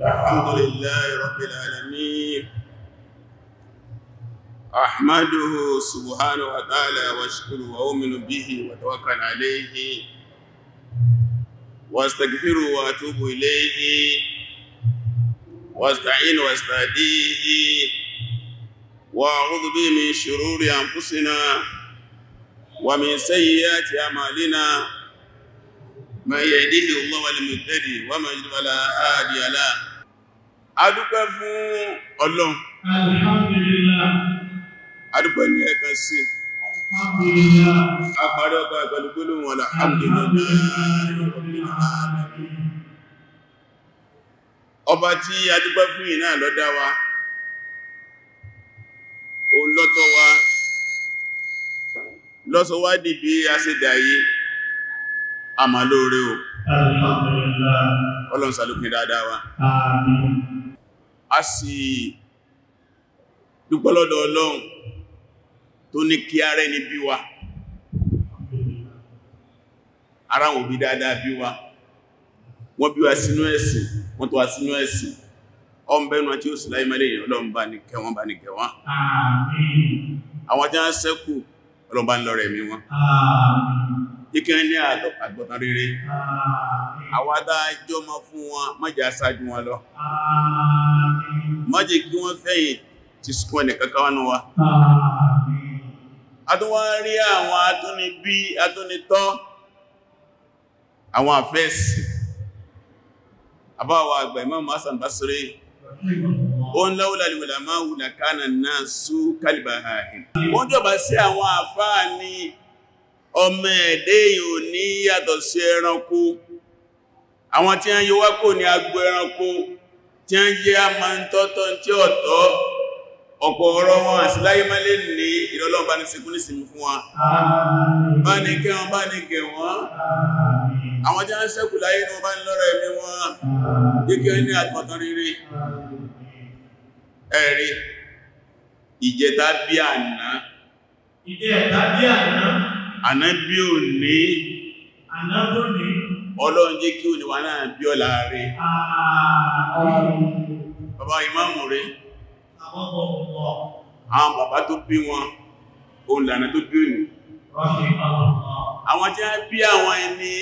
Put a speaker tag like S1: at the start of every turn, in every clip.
S1: الحمد لله رب العالمين أحمده سبحانه وتعالى واشكره وأؤمن به وتوكل عليه واستغفره وأتوب إليه واستعين واستهديه وأعوذ به من شرور أنفسنا ومن سيئات أعمالنا ما يهديه الله والمهتدي وما يضلل فلا هادي له adúpẹ́ fún Ọlọ́run alhamdulillah
S2: adúpẹ́ ní ẹ̀kan sí alhamdulillah apàrí ọgbà ìpẹ̀lú gbólóhùn
S1: alhamdulillah ọba tí adúpẹ́ fún ìná ló dá wa òun ló wa ló wá di bí a a lóore o ọlọ́run sàlùkùn dáadáa wa a sì dúpẹ́ lọ́dọ̀ ọlọ́run tó ní kí ààrẹ ní bí wa ara wọn bí dáadáa bí wa wọ́n bí wa sínú ẹ̀sìn wọ́n tó wa sínú ẹ̀sìn ọmọbẹ̀nu àti òsìláìmẹ́lẹ̀ ìrọ̀lọ́mbà ní kẹwọ́n bá ní kẹwọ́n àwọn sẹ́kù ọlọ́mbà ń lọ́rẹ̀ mi wọn ikẹ́ ní àgbọ̀tán rere àwọn adájọ́ mọ́ fún wọn mọ́jẹ́ aṣáájú wọn lọ mọ́jẹ́ kí wọ́n fẹ́yìn ti sùkún ẹni kankan wa adúnwọ́n rí àwọn adúni atúnibí atúnitọ́ àwọn àfẹ́ẹ̀sì àbáwà àgbà Imam ó ń láwọ́lá lèwẹ̀lá máa wùlà kánà náà sú kálìbà ààrin wọ́n jọba sí àwọn àfáà ní ọmọ ẹ̀dẹ́ yóò ní yàtọ̀ sí ẹranko àwọn tí a ń yíó wákò ní agbo ẹranko tí a yí a máa ń tọ́tọ́ tí ọ̀tọ́ ọ̀pọ̀ ọ̀rọ̀ wọn àti láyé má lè ní ìrọlọ́wọ́ ẹ̀rí ìjẹta bí àná ìjẹta bí àná àná bí ò ní àná bí ò ní ọlọ́run jẹ́ kí o ní wà náà bí ọ̀la rẹ̀ bàbá ìmáàmù rẹ̀ àwọn bàbá tó bí wọn òun lànà tó bí òní àwọn tí a bí àwọn ẹni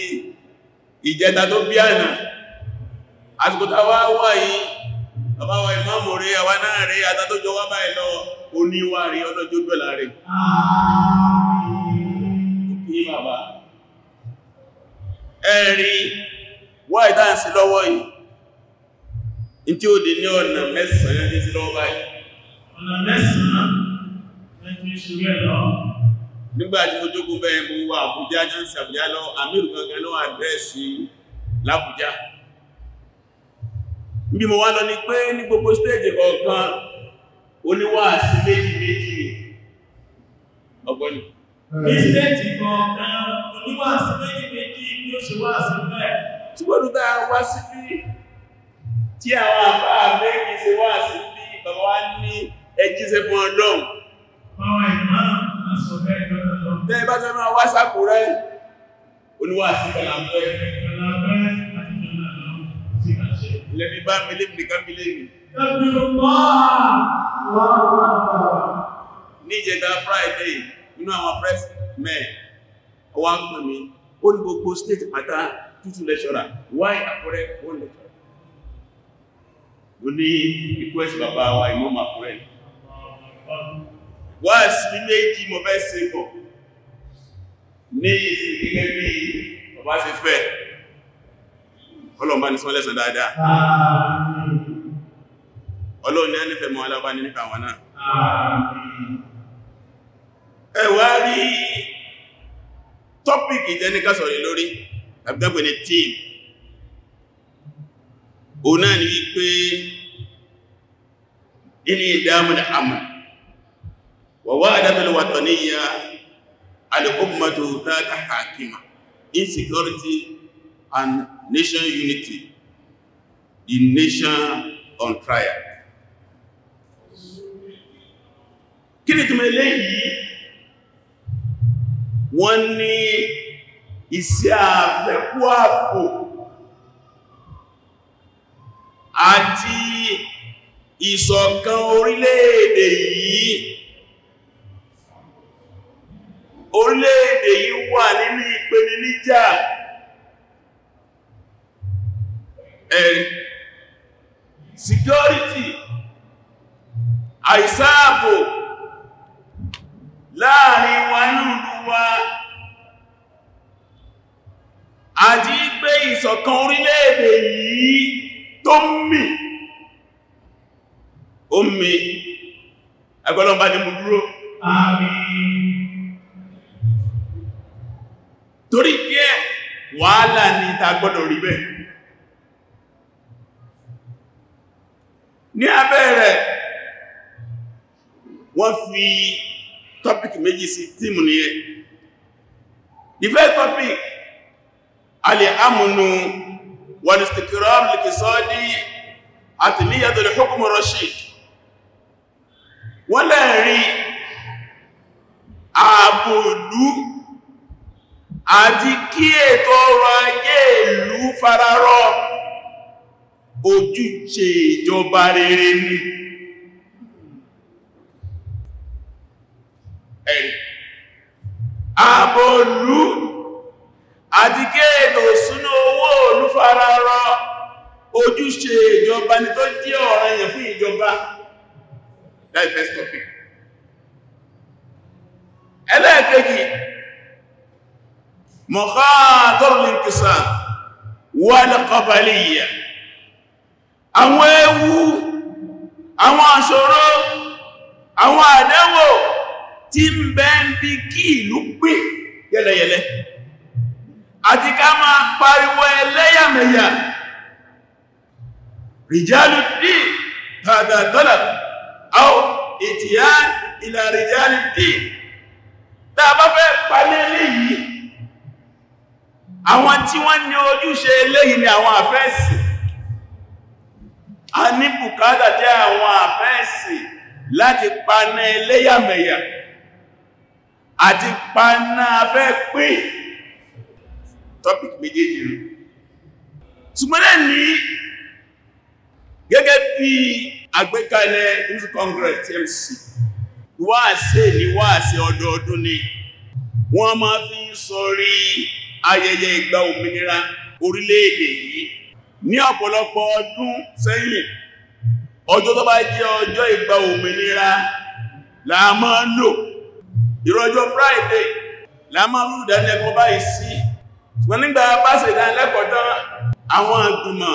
S1: ìjẹta tó bí àná àsìkò táwa wà bàbá wa ìmáàmù rí àwa náà rí àtàtójọ wá báyìí lọ oníwà rí ọlọ́jọ́ dọ́là rí ẹ̀rí wà ìdáǹsí lọ́wọ́ yìí in tí ó dì ní ọ̀nà mẹ́sàn-án ní sí lọ́wọ́ báyìí ọ̀nà mẹ́sàn-án nígbàtí mo jókòó bẹ́ẹ̀ mo wà Àbújá jẹ́ ìsàbújá lọ àmìrù gangan lọ́wọ́ àdírẹ́sì l'Àbújá bí mo wá lọ ní pé ní gbogbo stéèjì kọ̀ọ̀kan oníwàásí méjì méjì ọgbọ́nì ní stéèjì kọ̀ọ̀kan oníwàásí méjì méjì ní oṣù wàásí mẹ́ tí wọ́n dúdá wá sí bí tí àwọn àbá méjì ṣe wá sí bí bàbá wá ní ẹjíṣẹ́ fún ọlọ́run Bẹ́ẹ̀ bá jẹ́ máa wá sákòrẹ́ oníwàásí pẹ̀lú àmọ́ ẹ̀ lẹ́ni bá mi lé mi kàmí lé mi ní ìjẹta Friday inú àwọn press men wá ń pè mí ó ní gbogbo state pátá tútù lẹ́ṣọ́ra why Àkúrẹ́ wọ́n lẹ́ṣọ́ra ó ní ikú ẹ̀sì bàbá wa ìmọ́ Àkúrẹ́ wá sí méjì mọ̀ fẹ́ sí pọ̀ ní ìsìnkú gẹ́gẹ́ bí bàbá ṣe fẹ́ ọlọ́run bá ní sán lẹ́sàn dáadáa ọlọ́run ní a nífẹ̀ẹ́ mọ́ aláwọ́ bá ní nífẹ̀ẹ́ àwọn náà ẹ wá rí tọ́pìkì tẹ́ ní ká sọ̀rọ̀ lórí àbúgbàgbẹ̀ ní tíìm o náà ni wípé inú ìdámù da àmà wàwá àdátọ́lẹ̀wàtọ̀ níyà alìkọ́mọ̀tò tààtà insecurity and nation unity, the nation on trial. Kí ni túnmọ̀ eléyìí? Wọ́n ní iṣẹ́ àfẹ́kú àpò àti ìṣọ̀kan orílẹ̀-èdè yìí. Orílẹ̀-èdè yìí wà nínú ìpèníjà. níjà ẹ̀rí security àìsáàbò láàrin wa nínú wa àti pé ìṣọ̀kan orílẹ̀-èdè yìí tó mì ó mì ẹgbọ́lọ́mbà ní mú dúró àmín torí díẹ̀ wàhálà ní ta gbọ́dọ̀ rí bẹ́ẹ̀ ní abẹ́ rẹ̀ wọ́n fi topic méjì sí tíìmù ní ẹ the first topic al-amnu wal-istiqrar al-iqtisadi àtìníyàtò al-hukm ar wọ́n lẹ́rí ààbò àti kí ètò ọrọ̀ ayé ìlú fararọ́ ojúṣe ìjọba rere ni ẹ̀rì àbòlú àti kéèdò súnú owó olúfararọ ojúṣe ìjọba ni tó jẹ́ ọ̀ranyàn fún ìjọba that is first topic ẹlẹ́ẹ̀kejì mọ̀ká tọ́rọ̀lẹ́kìsà wà ní kọbalíyà àwọn ewu àwọn àṣòro àwọn àdẹ́wò tí ń bẹ ń bí kí ìlú pín yẹ́lẹ̀yẹ̀lẹ̀ àti ká máa pariwo ẹlẹ́yàmẹ̀yà rìjálùdí tàbàtọ́là àwọn ìtìyà ìlà rìjálùdí tàbá fẹ́ parí eléyìí àwọn tí wọ́n ní ojúṣe eléyìí ni àwọn àfẹ́sì a ní bùkátà jẹ́ àwọn àfẹ́ẹ̀sì láti paná ẹlẹ́yàmẹ̀yà àti paná afẹ́ pé topic méjèèjì rí ṣùgbọ́nà ní gẹ́gẹ́ bí àgbékalẹ̀ youth congress TMC wáàsí ní wáàsí ọdọọdún ni wọ́n máa fi ń sọrí ayẹyẹ ìgbà òmìnira orílẹ̀-èdè yìí ní ọ̀pọ̀lọpọ̀ ọdún sẹ́yìn ọjọ́ tó bá jẹ́ ọjọ́ ìgbà òmìnira la máa ń lò ìrọjọ́ Friday la máa ń rúdà lẹ́kọ́ báyìí sí wọ́n nígbà bá ṣe ìdánilẹ́kọ̀ọ́ tán àwọn àgbìmọ̀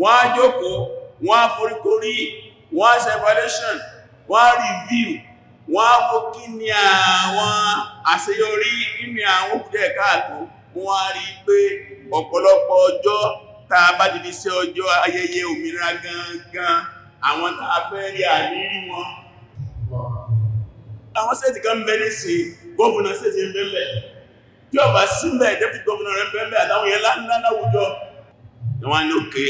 S1: wọ́n á jókòó wọ́n á foríkorí wọ́n á wọ́n review wọ́n á kí ni àwọn àṣeyọrí nínú àwọn òkúrẹ́ káàkó wọ́n rí pé ọ̀pọ̀lọpọ̀ ọjọ́ tá a bá dìdí sí ọjọ́ ayẹyẹ òmìnira gangan àwọn tá a fẹ́ rí àrírí wọn àwọn sẹ́ẹ̀tì kan bẹ́ ní sí gómìnà sẹ́ẹ̀tì ń bẹ́lẹ̀ tí ó bá sílẹ̀ dẹ́pì gómìnà rẹ̀ bẹ́lẹ̀ àtàwọn yẹn láńlá láwùjọ wọn ni òkè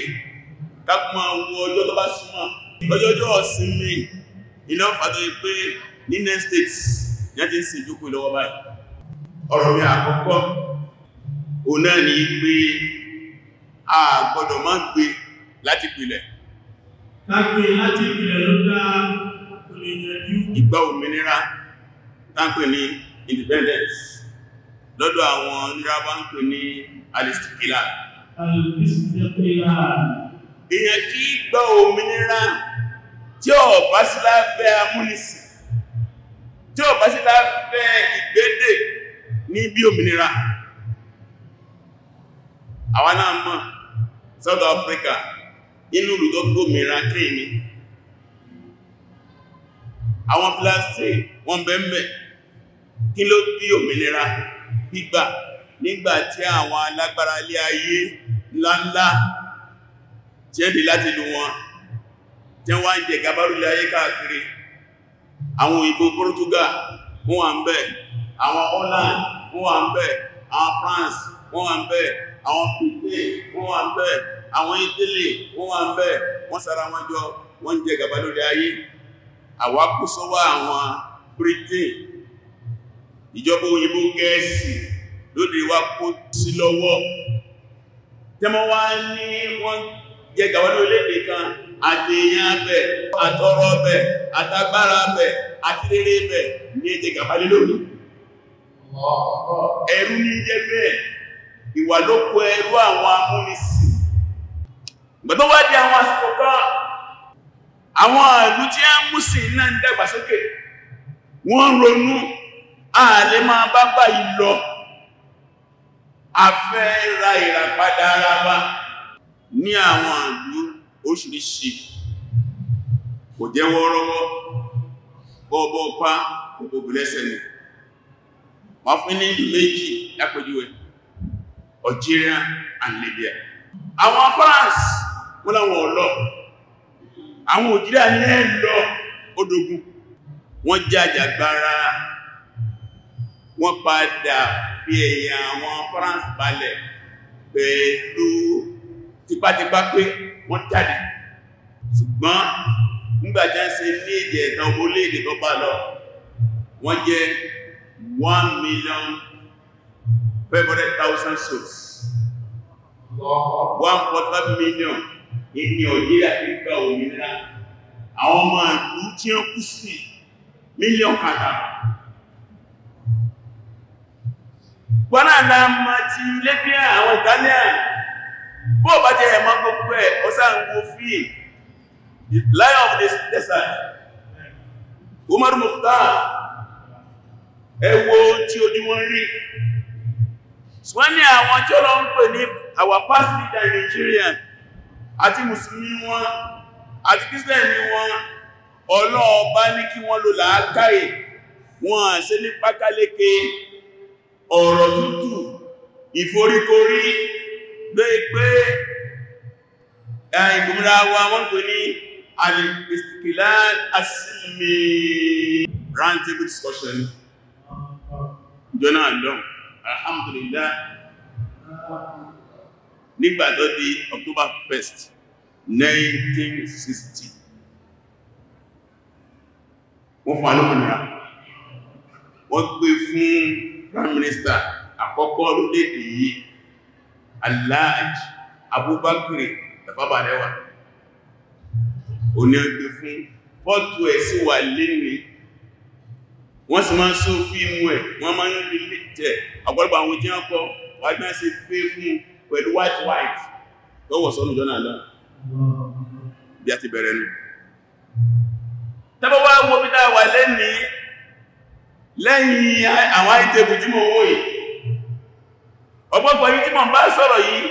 S1: kápùmọ̀ owó ọjọ́ tó bá súnmọ́ lọ́jọ́jọ́ ọ̀sìnmi ilẹ̀ ọ̀fàdọ̀ pé ní next state ní a ti ń sìn jókòó lọ́wọ́ báyìí ọ̀rọ̀ mi àkọ́kọ́ òun náà ni pé a gbọ́dọ̀ máa ń gbé láti pìlẹ̀ kágbé láti pìlẹ̀ ló dá ìgbà òmìnira táńpẹ̀ ní independence lọ́dọ̀ àwọn onírà bá ń pè ní alistikila èyàn kí gbà òmìnira tí ó bá sí lábẹ́ amúnisì tí ó bá sí lábẹ́ ìgbédè ní bí òmìnira àwọn náà mọ̀ South Africa inú olùdó gómìnà kí ni àwọn plastic wọ́n bẹ̀m̀bẹ̀ kí ló bí òmìnira gbígbà nígbàtí àwọn alágbára ilé ayé ńláńlá jẹ́dì láti lù wọn jẹ́ wá ń jẹ gabaru ilé ayé káàkiri àwọn òyìnbó Portugal wọ́n wà ń bẹ̀ àwọn Holland wọ́n wà ń bẹ̀ àwọn France wọ́n wà ń bẹ̀ àwọn pípé wọ́n wà ń bẹ̀ àwọn ìdílé wọ́n wà ń bẹ̀ wọ́n sára wọn jọ wọ́n jẹ gàbà lórí ayé àwa kú sọ́wọ́ àwọn Britain ìjọba òyìnbó gẹ̀ẹ́sì lóde wa kó sí lọ́wọ́ tẹ́mọ́ wá ní wọ́n jẹ gàbà lórí léde kan àtèyàn bẹ̀ àtọrọ̀ bẹ̀ àtagbára bẹ̀ àti bẹ̀ ní ẹjẹ gàbà lórí ẹ̀rú ní jẹ́ bẹ́ẹ̀ ìwà ló kó ẹrú àwọn amúnisìn gbọ́dọ̀ wá di àwọn àsìkò kan àwọn ìlú tí a ń mú sí iná ń dàgbà sókè wọ́n ronú ààlẹ́ máa bá bá ìlọ afẹ́ ra ìràpadà ara wa ní àwọn ìlú oṣìṣì kò jẹ́ wọ́rọ́wọ́ bọ́ọ̀bọ́ pa gbogbo bìlẹ́sẹ̀ ni wọ́n fún ní ìlú méjì lápẹjúwẹ̀ẹ́ Algeria and Libya àwọn France wọ́n láwọn ọ̀lọ́ àwọn Algeria ní ẹ̀lọ odògùn wọ́n jàjàgbara wọ́n padà fi ẹ̀yà àwọn France balẹ̀ pẹ̀lú tipátipá pé wọ́n jáde ṣùgbọ́n nígbàjá sí ní ìdẹ̀ ẹ̀tàn orílẹ̀-èdè tó bá lọ wọ́n jẹ́ 1 million 500,000 souls. Wow. 1.5 million In Nigeria, Africa, or Àwọn ọmọ ìlú tí ó kú sí mílíọ̀n kàtà. Wọ́n náà náà máa ti lébíà àwọn Italian. Bó bá jẹ́ ẹ̀mọ́ gbogbo ẹ̀, ó sáà ń wo fíìm. The Lion of the Desert. Umar Mukhtar. Ẹ wo tí ojú wọn rí wọ́n ní àwọn tí ó lọ ń pè ní our past leader in Nigeria àti mùsùlùmí wọn àti kírísítẹ̀nì wọn ọlọ́ọ̀bá ní kí wọ́n lò làákàyè wọn àṣẹ ní pákáleke ọ̀rọ̀ tútù ìforíkorí gbé pé eh, ìgbòmìnira wa wọ́n pè ní al-istiqlal round table discussion jọna lọ́nà alhamdulillah nígbà tó di october 1st 1960 wọ́n fún alómìnira wọ́n gbé fún prime minister àkọ́kọ́ lórílẹ̀-èdè yìí aláàjì abúbákiri tàbábàlẹ́wà ò ní ọgbé fún fọ́tò ẹ̀ sí wà lẹ́nìí wọ́n sì máa sófí mú ẹ̀ wọ́n máa ń rí lẹ́tẹ̀ẹ́ ọ̀pọ̀lọpọ̀ àwọn tí wọ́n kọ wájú náà sí pé fún pẹ̀lú white white tó wọ̀ sọ́nù jọ́nà lọ bí a ti bẹ̀rẹ̀ nù tẹ́bọ́wọ́ wo bí dáa wà lẹ́ni lẹ́yìn àwọn àìtẹ́bù tí mo wó yìí ọgbọ́gbọ́ yìí tí mo bá sọ̀rọ̀ yìí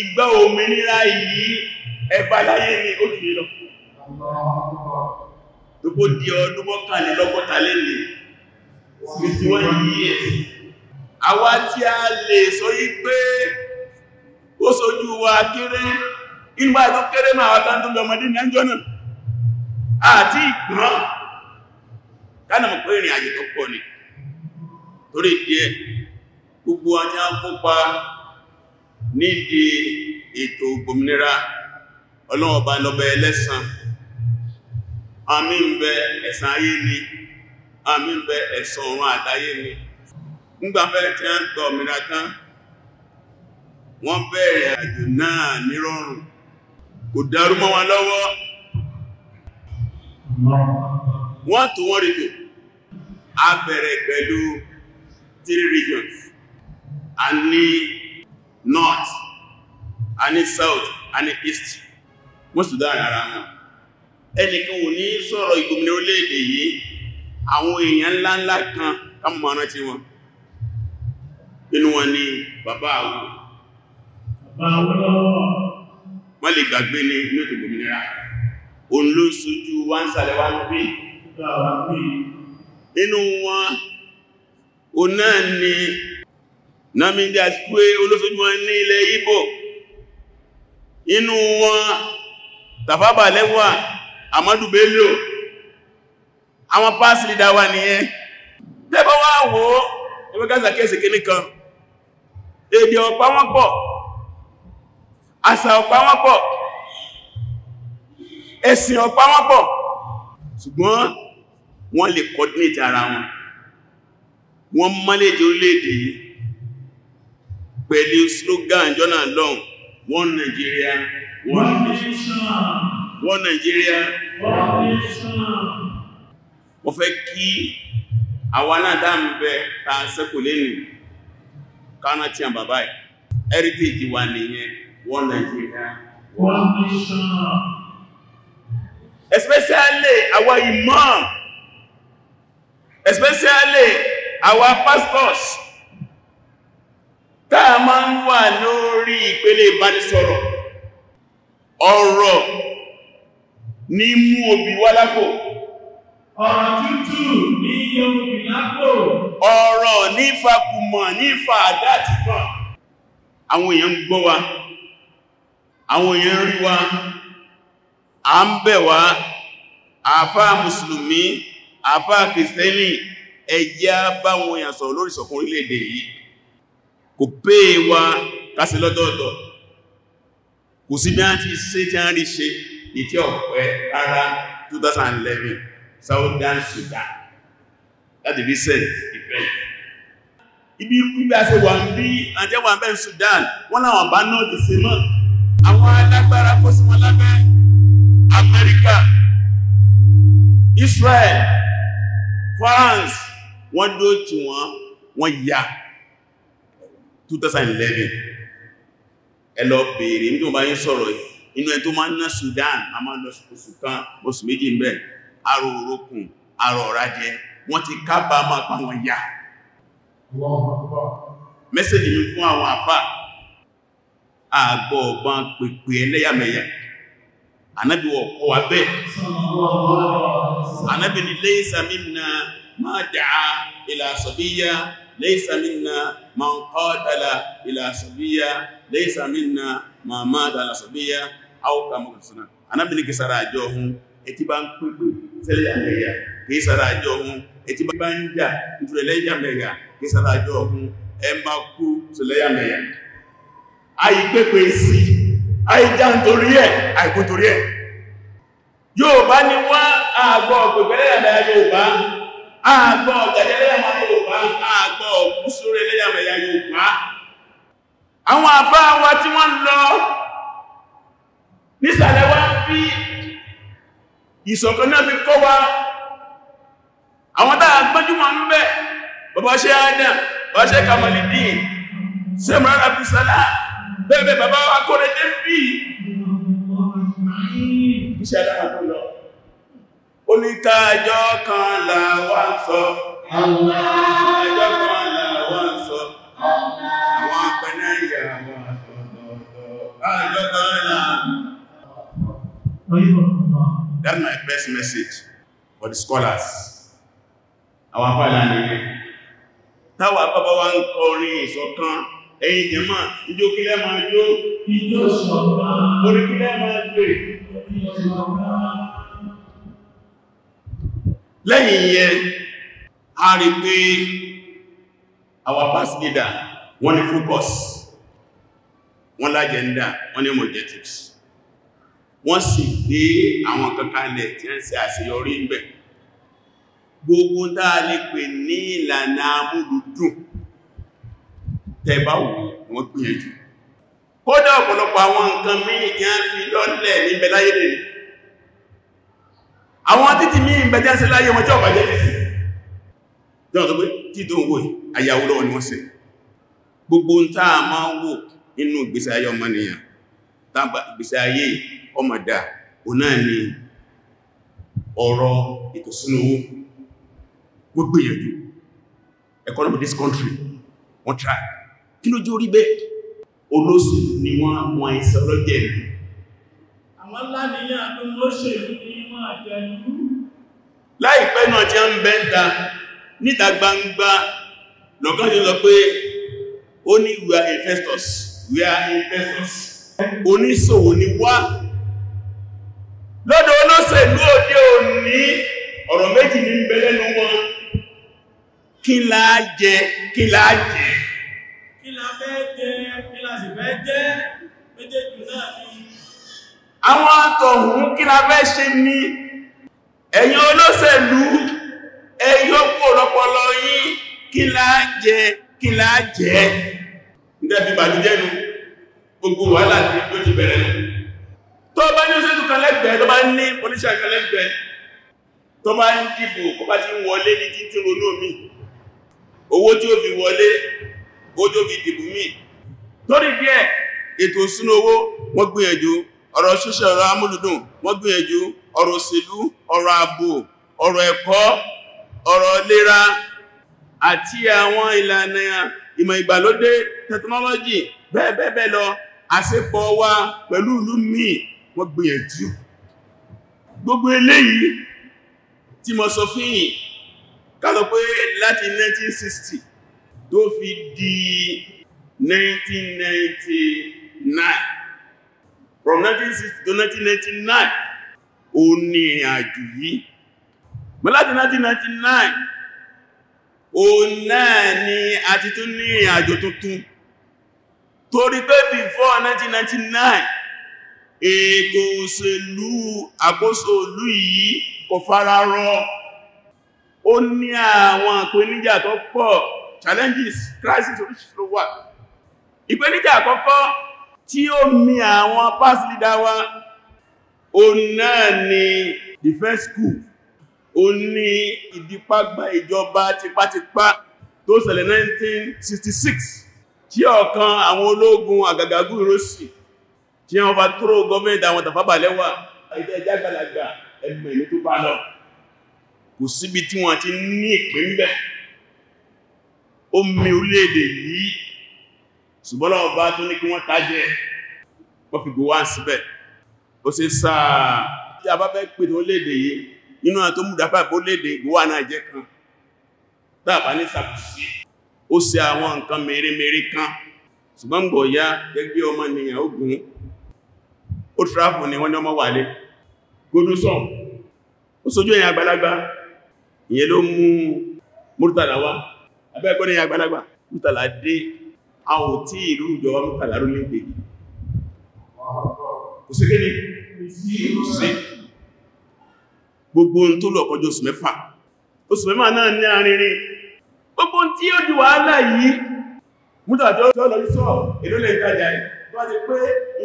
S1: ìgbà òmìnira yìí ẹ̀bà láyé ni ó jù lọ di ọdún mọ́kànlélọ́gọ́ta lẹ́ni 51 years awa tí a lè sọ yí pé ó sojú wa kéré inú bá ìlú kéré máa wá ọmọdé ní ẹjọ́ àti ìgbọ́n dánàmù pé ìrìn àjò tó pọ̀ torí díẹ̀ gbogbo ọjọ́ kópa nídi ètò ògbòmìnira ọlọ́wọ́ bá ẹlẹ́sàn àmì ń bẹ ayé ni àmì ń bẹ ọ̀run ni ńgbàfẹ́ tí a ń tọ̀ mìírà tán wọ́n bẹ̀rẹ̀ àjò náà ní rọrùn kò dárú mọ́ wọn lọ́wọ́ wọ́n tó wọ́n rí tó a bẹ̀rẹ̀ pẹ̀lú three regions a ní north a ní south a ní east wọ́n sì dára ara wọn ẹnìkan ò ní sọ̀rọ̀ ìgbòmìnira orílẹ̀-èdè yìí àwọn èèyàn ńláńlá kan ká mọ̀ rántí wọn nínú wọn ni bàbá àwọ̀ wọ́n lè gbàgbé ní inú ètò gbòmìnira òun ló sojú wá ń sàlẹ̀ wá ń pè nínú wọn o náà ni Nnamdi Azikiwe olóṣojú wọn ní ilẹ̀ Ìgbò inú wọn Tafawa Balewa Ahmadu Bello àwọn pásìlì dáwà nìyẹn tẹ́bọ́ wá wò ó ẹgbẹ́gbẹ́ sàkẹ́sẹ̀kẹ́ nìkan èdè ọ̀pá wọn pọ̀ àṣà ọ̀pá wọn pọ̀ ẹ̀sìn ọ̀pá wọn pọ̀ ṣùgbọ́n wọ́n lè coordinate ara wọn wọ́n manage orílẹ̀-èdè yìí pẹ̀lú slogan jọ́nà lọ́n one Nigeria one nation one Nigeria one nation wọ́n fẹ́ kí àwa náà dáa ń ta sẹ́kù lẹ́nìí kánàtí àwọn bàbá ẹ̀ heritage wa nìyẹn one Nigeria one nation especially our imam especially our pastors táà máa ń wà lórí ìpele ìbánisọ̀rọ̀ ọ̀rọ̀ ní mú obì wá lápò ọ̀rọ̀ tútù ní iye òkè lápò ọ̀rọ̀ ní ìfàkùmọ̀ ní ìfà àdá àti pọ̀ àwọn èèyàn ń gbọ́ wa àwọn èèyàn ń rí wa à ń bẹ̀ wá àfá mùsùlùmí àfá kìrìsìtẹ́nì ẹjá bá wọn èèyàn sọ̀rọ̀ lórí ìṣọ̀kan orílẹ̀-èdè yìí kò pé wa kásì lọ́dọ̀ọ̀dọ̀ kò sí bí a ti ṣe tí a rí ṣe ìtí ọ̀pẹ́ rárá 2011 Southern Sudan That's the recent event ibi ibi a ṣe wà ń bí àjẹ́wà bẹ́ Sudan wọ́n láwọn bá náà ti ṣe mọ́ àwọn alágbára kó sí wọn lábẹ́ Amẹ́ríkà Israel France wọ́n dó tí wọ́n wọ́n yá 2011 ẹ lọ bèèrè nígbà bá yín sọ̀rọ̀ inú ẹ tó máa ń ná Sudan a máa lọ oṣù kan oṣù méjì ń bẹ̀rẹ̀ arò òrókùn arò ọ̀rájẹ wọ́n ti kábà máa pa wọn yá mẹ́sẹ̀lì mi fún àwọn àfà àgbọ̀ ọ̀gbọ̀n pèpè ẹlẹ́yàmẹ̀yà anábì wọ̀ kọ́ wa bẹ́ẹ̀ anábì ni laysa minna ma da'a ila sabiyya laysa minna ma qatala ila sabiyya laysa minna ma mata ala sabiyya aw kama ẹtí bá ń pèpè sẹ́lẹ̀ àmẹ́yà kìí sára àjọ ohun ẹtí bá ń jà ìfúrẹ̀lẹ́yà mẹ́yà kìí sára àjọ ohun ẹ má kú sẹ́lẹ̀yà mẹ́yà àyí pèpè sí àìjá nítorí ẹ̀ àìkú torí ẹ̀ Yorùbá ni wọ́n àgbọ̀ pẹ̀pẹ̀lẹ́yàmẹ̀yà Yorùbá àgbọ̀ àgbọ̀ ọ̀gúsúrẹ̀lẹ́yàmẹ̀yà Yorùbá àwọn àbá wa tí wọ́n lọ nísàlẹ̀ wa ìṣọ̀kan náà fi kọ́ wa àwọn tàà gbọ́júmọ̀ ń bẹ bàbá ṣe adam bàbá ṣe kamalidin sẹ́mọ̀rán abdùsálà bẹ́ẹ̀bẹ̀ bàbá akọ́rẹ̀ dé bí iṣẹ́ adáwọ̀ lọ ó ní káàjọ́ kan làwà ń sọ àwọn àjọ́ kan làwà ń sọ That's my first message for the scholars. Àwọn afọ́lá ní ilé. Táwà bàbá wa ń kọrin ìṣọ̀kan, ẹ̀yin jẹ̀mọ́, ìjó kílẹ̀ máa jó, ìjó ṣọ̀kan, orí kílẹ̀ máa gbé, lẹ́yìn yẹ, a rí pé our past leader, wọ́n ní focus, wọ́n lájẹ̀ ń dà, wọ́n ní objectives wọ́n sì gbé àwọn kankanlẹ̀ tí ń ṣe àṣeyọrí ń bẹ̀. gbogbo dáa lè pè ní ìlànà amúlùdùn tẹ́báwò wọ́n gbìyànjú kódà ọ̀pọ̀lọpọ̀ àwọn nǹkan míì kí a fi lọ́lẹ̀ ní ìbẹ̀láyé lè rí àwọn títí míì ìbẹ̀jẹ́ sí láyé wọn tí ọ̀pàá jẹ́ sí jọ́ tó pé tí tó ń wò àyàwó lọ́wọ́ ni wọ́n ṣe gbogbo ń táà máa ń wò ọmọdá o náà ni ọ̀rọ̀ ìtòsínowó gbogbo ìyànjú economy of this country wọ́n try kí ló jẹ́ orí bẹ́ẹ̀ olóṣù ni wọ́n àwọn ìṣẹ́ ọlọ́jẹ́ ìlú àwọn láníyàn tó ń lóṣèlú ní wọ́n àjẹ́lú láìpẹ́ náà tí a ń bẹ́ níta gbangba lọ́kàn lọ pé ó ní we are investors we are investors oníṣòwò ni wá olóṣèlú òde òní ọ̀rọ̀ méjì ní bẹ́lẹ́nu wọn kí la jẹ kí la jẹ kí la fẹ́ jẹ kí la sì fẹ́ jẹ méjèèjì náà ni
S2: àwọn àtọ̀hún kí la
S1: fẹ́ ṣe ní ẹ̀yin olóṣèlú ẹ̀yọ́ kú ọ̀lọ́pọ̀lọ́ yín kí la jẹ kí la jẹ nígbàtí bàjújẹ́nu gbogbo wàhálà ní ló bẹ̀rẹ̀ nù tó bá ní oṣèlú kan lẹ́gbẹ̀ẹ́ tó bá ní oníṣẹ́ kan lẹ́gbẹ̀ẹ́ tó bá ń dìbò kó bá ti ń wọlé ní tí tí ronú mi owó tí ó fi wọlé owó tí ó fi dìbò mi torí díẹ̀ ètò ìṣúná owó wọ́n gbìyànjú ọ̀rọ̀ ṣíṣe ọ̀rọ̀ amúlùdùn wọ́n gbìyànjú ọ̀rọ̀ òṣèlú ọ̀rọ̀ ààbò ọ̀rọ̀ ẹ̀kọ́ ọ̀rọ̀ ìlera àti àwọn ìlànà ìmọ̀ ìgbàlódé tẹkinọ́lọ́jì bẹ́ẹ̀ bẹ́ẹ̀ bẹ́ẹ̀ lọ àṣepọ̀ wa pẹ̀lú ìlú míì wọ́n gbìyànjú gbogbo eléyìí tí mo sọ fún yín ká pé láti 1960 tó fi di 1999 from 1960 to 1999 ó ní ìrìn àjò yìí mọ́ láti 1999 ó náà ni a ti tún ní ìrìn àjò tuntun torí pé before 1999 ètò òṣèlú àkóso ìlú yìí kò fara rọ ó ní àwọn ìpèníjà tó pọ̀ challenges crisis oríṣiríṣi ló wà ìpèníjà àkọ́kọ́ tí ó mi àwọn past leader wa ó náà ni defense school ó ní ìdípagbà ìjọba tipátipá tó ṣẹlẹ̀ 1966 tí ọ̀kan àwọn ológun àgàgàgù ìrósì tí wọ́n bá tó gọ́mẹ́ntì àwọn tàfàbà lẹ́wà ẹgbẹ́ ẹjá gbàlagbà ẹgbẹ́ ìlú tó bá lọ kò síbi tí wọ́n ti ní ìpín bẹ̀ omi orílẹ̀-èdè yìí ṣùgbọ́n lọ́wọ́ bá tó ní kí wọ́n tajẹ́ wọ́n fi gbówá síbẹ̀ ó sì sáà tí a bá fẹ́ pè tó léde yìí nínú àtó múdàpá bó léde gbówá náà jẹ́ kan tàbá ní sàkùsí ó sì àwọn nǹkan mèremère kan ṣùgbọ́n gbọ̀ ya gẹ́gbẹ́ ọmọ nìyàn ogun ó tráfù ní wọ́n ní ọmọ wàlé godunson ó sojú ẹ̀yìn àgbàlagbà ìyẹn ló mú múrtàlá wá abẹ́ẹ̀kọ́ ní àgbàlagbà múrtàlá dé a ò tí ìlú ìjọba múrtàlá rú ní ìgbè kò sí kéde kò sí gbogbo ohun tó lọ kọjú oṣù mẹ́fà oṣù mẹ́fà náà ní arìnrìn gbogbo tí ó di wàhálà yìí múrtàlá tó lọ sọ́ọ̀ wọ́n ti pé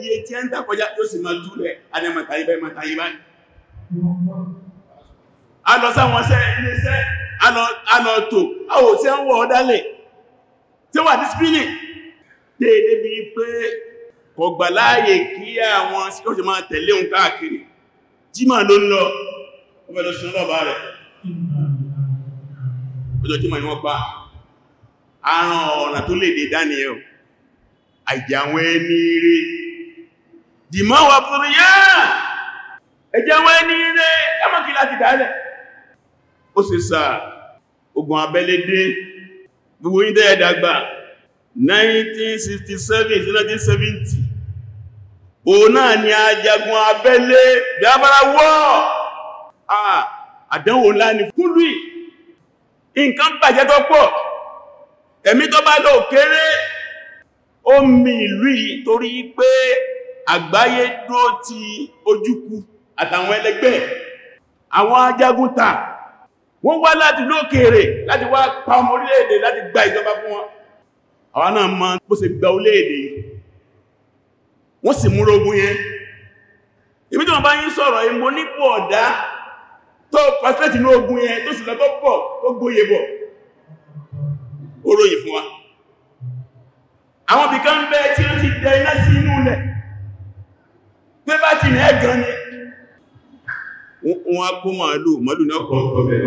S1: iye tí ẹ ń tàkọjá yóò sì máa túlẹ̀ adẹ́mọ̀ta ibẹ̀ mọ̀ta ibá a lọ sáwọn ṣẹ́ iléeṣẹ́ a lọ tò àwò tí ẹ ń wọ ọ̀dálẹ̀ tí wà dísípínì déédé bí pé kò gbà láàyè kí àwọn síkọ́sì máa tẹ̀lé òun káàkiri jímà ló ń lọ ọmọdé sun lọ́bàá rẹ̀ ọjọ́ jímà ni wọ́n pa àrùn ọ̀nà tó lè dé Daniel àjà àwọn ẹni rí dìmọ́ wà fún yá ẹjẹ́ àwọn ẹni rí ẹmọ́kí láti dálẹ̀ ó sì sà ogun abẹ́lé dé gbogbo ìdẹ́ ẹ̀dàgbà 1967 1970 òun náà ni ajagun abẹ́lé Biafra wọ́ àdánwò ńlá ni fúnlùí nǹkan bàjẹ́ tó pọ̀ ẹ̀mí tó bá lọ kéré ó mi ìlú torí pé àgbáyé dúró ti ojúkú àtàwọn ẹlẹgbẹ́ àwọn ajagunta wọ́n wá láti lókèèrè láti wá pa ọmọ orílẹ̀-èdè láti gba ìjọba fún wọn àwọn náà mọ̀ bó ṣe gba orílẹ̀-èdè wọ́n sì múrò ogun yẹn ibi tí wọ́n bá yí sọ̀rọ̀ ìmọ̀ nípò ọ̀dá tó pàṣẹ́tì ní ogun yẹn tó sì lọ pọ̀ tó gbóyè bọ̀ ó fún wa àwọn bìkan ń bẹ́ tí ó ti dẹ iná sí inú lẹ̀ pé bá ti rẹ̀ gan ni wọ́n kó màálù màálù náà kọ́ ọ̀bẹ̀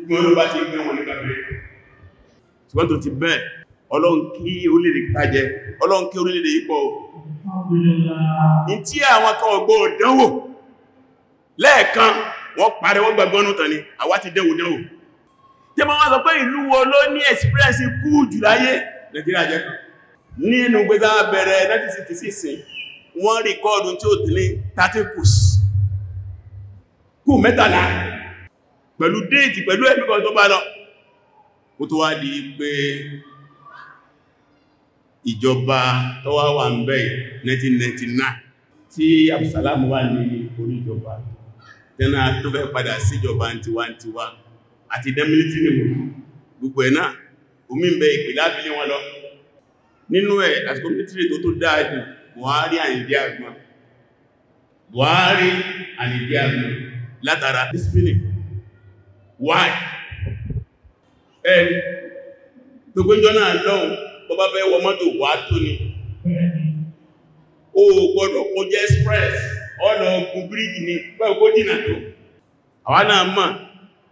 S1: ìgbọ́n ló bá ti gbé wọn ní kàbẹ̀ ṣùgbọ́n tó ti bẹ́ẹ̀ ọlọ́run kí orílẹ̀-èdè tàjẹ ọlọ́run kí orílẹ̀-èdè ipò ní tí àwọn kan ọgbọ́ dánwò lẹ́ẹ̀kan wọ́n parẹ́ wọ́n gbàgbọ́nù tàn ní àwa ti dẹ̀wò dẹ̀wò tí ma wọ́n sọ pé ìlú wo ló ní experience kú jù láyé Nàìjíríà jẹ́ kan nínú gbẹ́gbẹ́ bẹ̀rẹ̀ 1966 wọ́n rìkọ́ọ̀dù tí ó dìlé 30 kùs kù mẹ́tàlá pẹ̀lú déètì pẹ̀lú ẹ̀mìkan tó bá lọ kò tó wá di pé ìjọba tó wá wà ń bẹ̀ 1999 tí Abdulsalam wà ní orí ìjọba tẹ́nà tó fẹ́ padà síjọba tiwantiwa àti dẹ́mìlítì nìwò gbogbo ẹ̀ náà omi ń bẹ ìpè lábílé wọn lọ nínú ẹ̀ àsìkò mítírì tó tó dáadù buhari àìdí àgbọn buhari àìdí àgbọn látara discipline why ẹni tó gbẹ́jọ́ náà lọ́un bọ́bá fẹ́ wọ mọ́tò wà tó ní o gbọ́dọ̀ kó jẹ́ express ọ̀nà ogun bíríjì ní pẹ́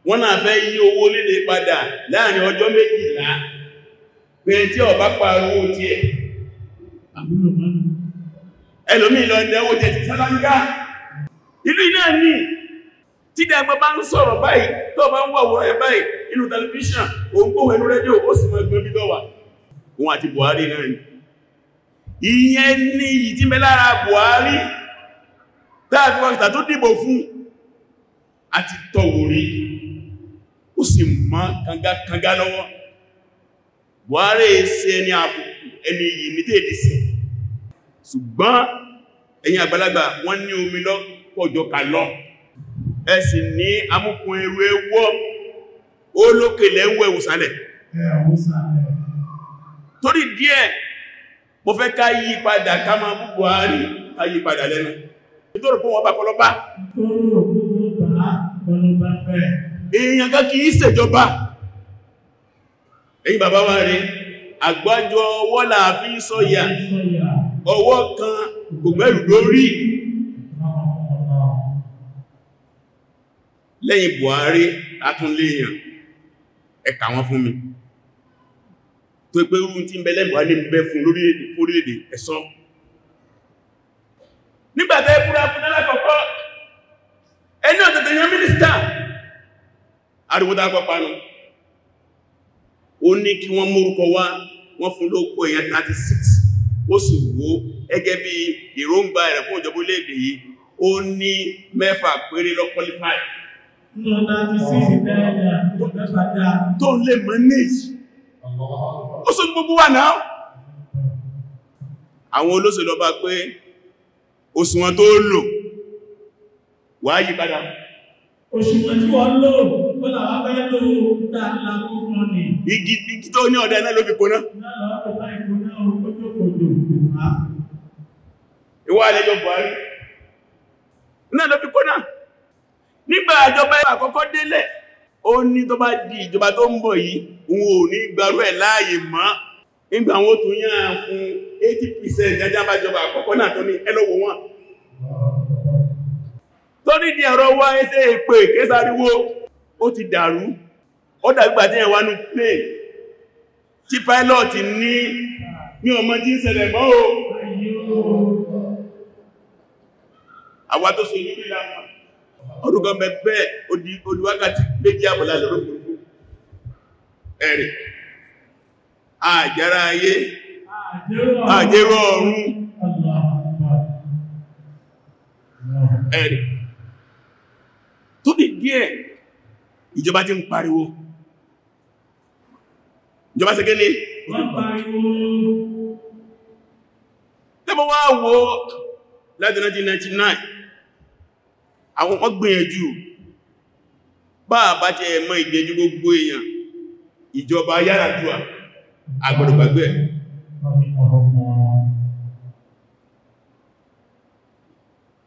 S1: wọ́n náà fẹ́ yí owó líle padà láàrin ọjọ́ méjìlá pé tí ọba pariwo tí ẹ̀ ẹlòmí lọ dẹwó jẹ ti sálángá ìlú iná ní tí dẹgbẹ́ bá ń sọ̀rọ̀ báyìí tó bá ń wà wọ́n ẹ báyìí inú tẹlifíṣàn òǹkóhùn ẹnu rédíò ó sì mọ́ ẹgbẹ́ bí dọ́wà òun àti Buhari náà ni ìyẹn ní ìdímẹ́ lára Buhari táàfíwọ́n ìtà tó dìbò fún àti tọ̀wòrí ó sì kanga kangakanga lọ́wọ́ Buhari ṣe ẹni àbùkù ẹni yìí ní tèèdì sí ṣùgbọ́n ẹ̀yin àgbàlagbà wọ́n ní omi lọ́pọ̀jọ kà lọ ẹ sì ní amúkùn ẹrù ewọ́ ó lókè lẹ́wọ́ ẹ̀wùsàlẹ̀ torí díẹ̀ mo fẹ́ ká yí padà ká máa bú Buhari ká yí padà lẹ́nu nítorí pé wọ́n bá kọlọ́bá èèyàn ká kìí ṣèjọba ẹ̀yìn bàbá wa rẹ̀ àgbájọ ọwọ́ láàfí sọ́yà ọwọ́ kan kò mẹ́rù lórí lẹ́yìn Buhari atúnléyàn ẹ̀kà wọn fún mi tó pé rú tí ń bẹ̀lẹ̀ Buhari ń bẹ fún lórílẹ̀-èdè ẹ̀sọ́ nígbàtẹ́ ìpúra fún tẹ́lẹ̀kọ̀ọ́kọ́ ẹni ọ̀tẹ̀tẹ̀ yan mínísítà ariwo dápọ̀ panu ó ní kí wọ́n mórúkọ wá wọ́n fún lókọ èèyàn 36 ó sì wó ẹgẹ́ bí ìróǹgbà rẹ̀ fún ìjọba orílẹ̀-èdè yìí ó ní mẹ́fà péré lọ qualify tó lè manage ó sọ gbogbo wà náà àwọn olóṣèlú ọba pé òṣùwọ̀n tó lò wáyí padà òṣùwọ̀n tí wọ́n lò Igi igi tó ní ọ̀dá iná ló fi kóná. Ìwọ́ àlejò Buhari. Iná ló fi kóná. Nígbà àjọba ẹ̀rọ àkọ́kọ́ délẹ̀, ó ní tó bá di ìjọba tó ń bọ̀ yìí, òun ò ní gbàrú ẹ̀ láàyè mọ́. Nígbà wọn tún yàn fún 80% jájábájọba àkọ́kọ́ náà tó ní ẹlọ́wọ̀ wọn. Tó ní di ẹ̀rọ wá ẹsẹ́ èpè kéṣàríwó ó ti dàrú ó dàgbà tí ẹwà ní plane tí pilot ní ní ọmọ jí ṣẹlẹ̀ mọ́ o àwa tó ṣe ìlú ìlàmà ọdúnkọ mẹ́gbẹ́ odíwákàtí méjì àbọ̀lá lọ́rọ̀ fòrò ẹ̀rẹ̀ àjára ayé àjẹ́rọ ọ̀run ẹ̀rẹ̀ tó dì díẹ̀ ìjọba ti ń pariwo ìjọba ṣe kéde wọ́n wá wo láti 1999 àwọn ọgbìyànjú bá bá ti ẹ̀mọ́ ìgbẹ̀jú gbogbo èèyàn ìjọba yára dúwà agbọ̀dọ̀gbàgbẹ̀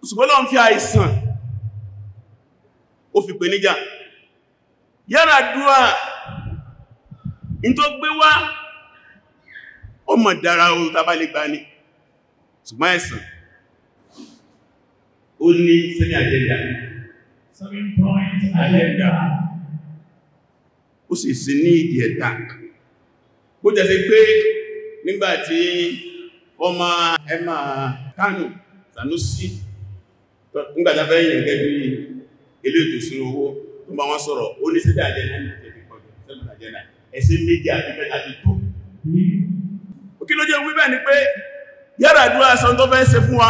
S1: ṣùgbọ́n lọ́n fi àìsàn ó fi pè níjà yára dúwà in tó gbé wá ó dára ohun tàbá lè gbá ní ṣùgbọ́n ẹ̀sàn ó ní sẹ́ni agenda ó sì sí ní ìdí ẹ̀ta bó jẹ́ pé nígbàtí ọmọ ẹmà Sànúsí nígbàtí ń bá wọn sọ̀rọ̀ ó ní sídà jẹ́ náà tẹ̀lé pọ̀jù sẹ́lẹ̀ jẹ́ náà ẹ̀sìn méjì àti mẹ́ta ti tó kí ló jẹ́ wíbẹ̀ ni pé yára àdúrà san tó fẹ́ ṣe fún wa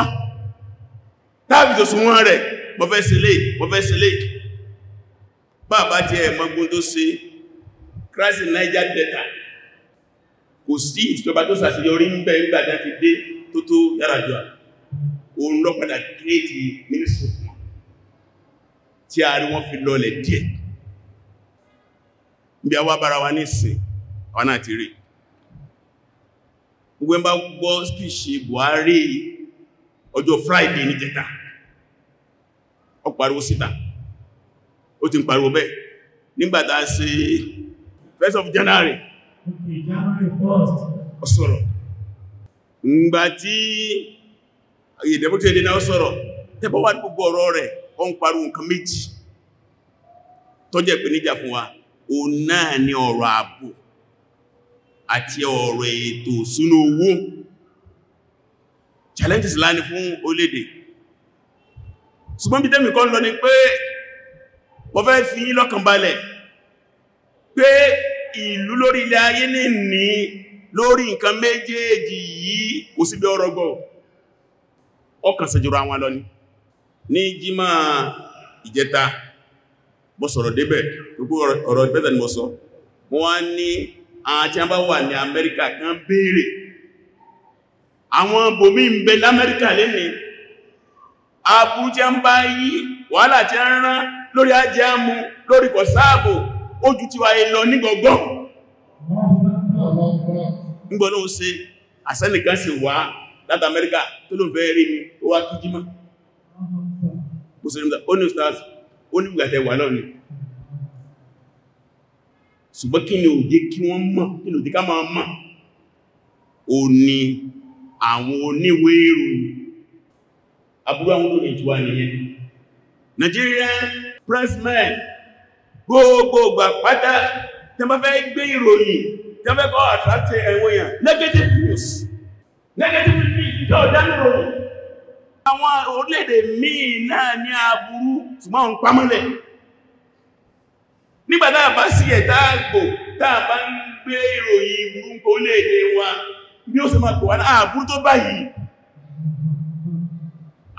S1: táàbì tó súnmọ́ rẹ̀ mo fẹ́ ṣe léè mo fẹ́ ṣe léè bàbá tí ẹ mọ́gbọ́n tó ṣe crisis niger delta kò sí ìjọba tó ṣàṣeyọrí ń bẹ nígbà tí ti dé tó tó yára àdúrà òun lọ padà create ministry tí a rí wọ́n fi lọlẹ̀ díẹ̀ bí a wá bára wa ní ìsìn àwọn náà ti rí gbogbo ẹmbá gbọ́ spíṣì Buhari ọjọ́ Friday ní jẹta ó pariwo síta ó ti ń pariwo bẹ́ẹ̀ nígbàtà sí 1st of January okay January 1st ó sọ̀rọ̀ ngbàtí náà sọ̀rọ̀ tẹ́bọ́ wà gbogbo ọ̀rọ̀ rẹ̀ ó ń pariwo nǹkan méjì tó jẹ́ ìpèníjà fún wa o náà ni ọ̀rọ̀ ààbò àti ọ̀rọ̀ ètò ìṣúná owó challenges láni fún olédè ṣùgbọ́n bí tẹ́mì kan lọ ni pé wọ́n fẹ́ fi yín lọ́kàn balẹ̀ pé ìlú lórí ilẹ̀ ayé ní ní lórí nǹkan méjèèjì yìí kò sí bí ọkàn sẹjọ́rọ̀ àwọn lọ ní jímá ìjẹta mo sọ̀rọ̀ débẹ̀ gbogbo ọ̀rọ̀ ni mo sọ wọ́n ní wà ní kan béèrè àwọn bòmí ń bẹ lamẹ́ríkà lẹ́ni aburú tí a ń bá yí wàhálà tí a ń rán lórí ajẹ́mú lórí kọ̀sáàbò ojú ti lọ ní mùsùlùmí ó ní stars ó ní gbàtẹ̀ wà lọ́nà ṣùgbọ́n kí ni ó jẹ́ kí wọ́n mọ̀ kí ni ó jẹ́ ká máa mọ̀ ó ní àwọn oníwéèrò abúrú àwọn olórin ìjúwà nìyẹn Nigerian pressmen gbogbogbà pátá tẹ́ bá fẹ́ gbé ìròyìn tẹ́ fẹ́ kọ́ àtàtẹ̀ ẹ̀wọ̀n yàn negative news negative news ìjọ ọ̀dánù ròyìn àwọn orílẹ̀-èdè míì náà ní aburú ṣùgbọ́n ń pamọ́lẹ̀ nígbàtá bá sí ẹ̀ta àgbò táà bá ń gbé ìròyìn burúkú orílẹ̀-èdè wa bí ó sì máa pọ̀ wá náà aburú ah, tó báyìí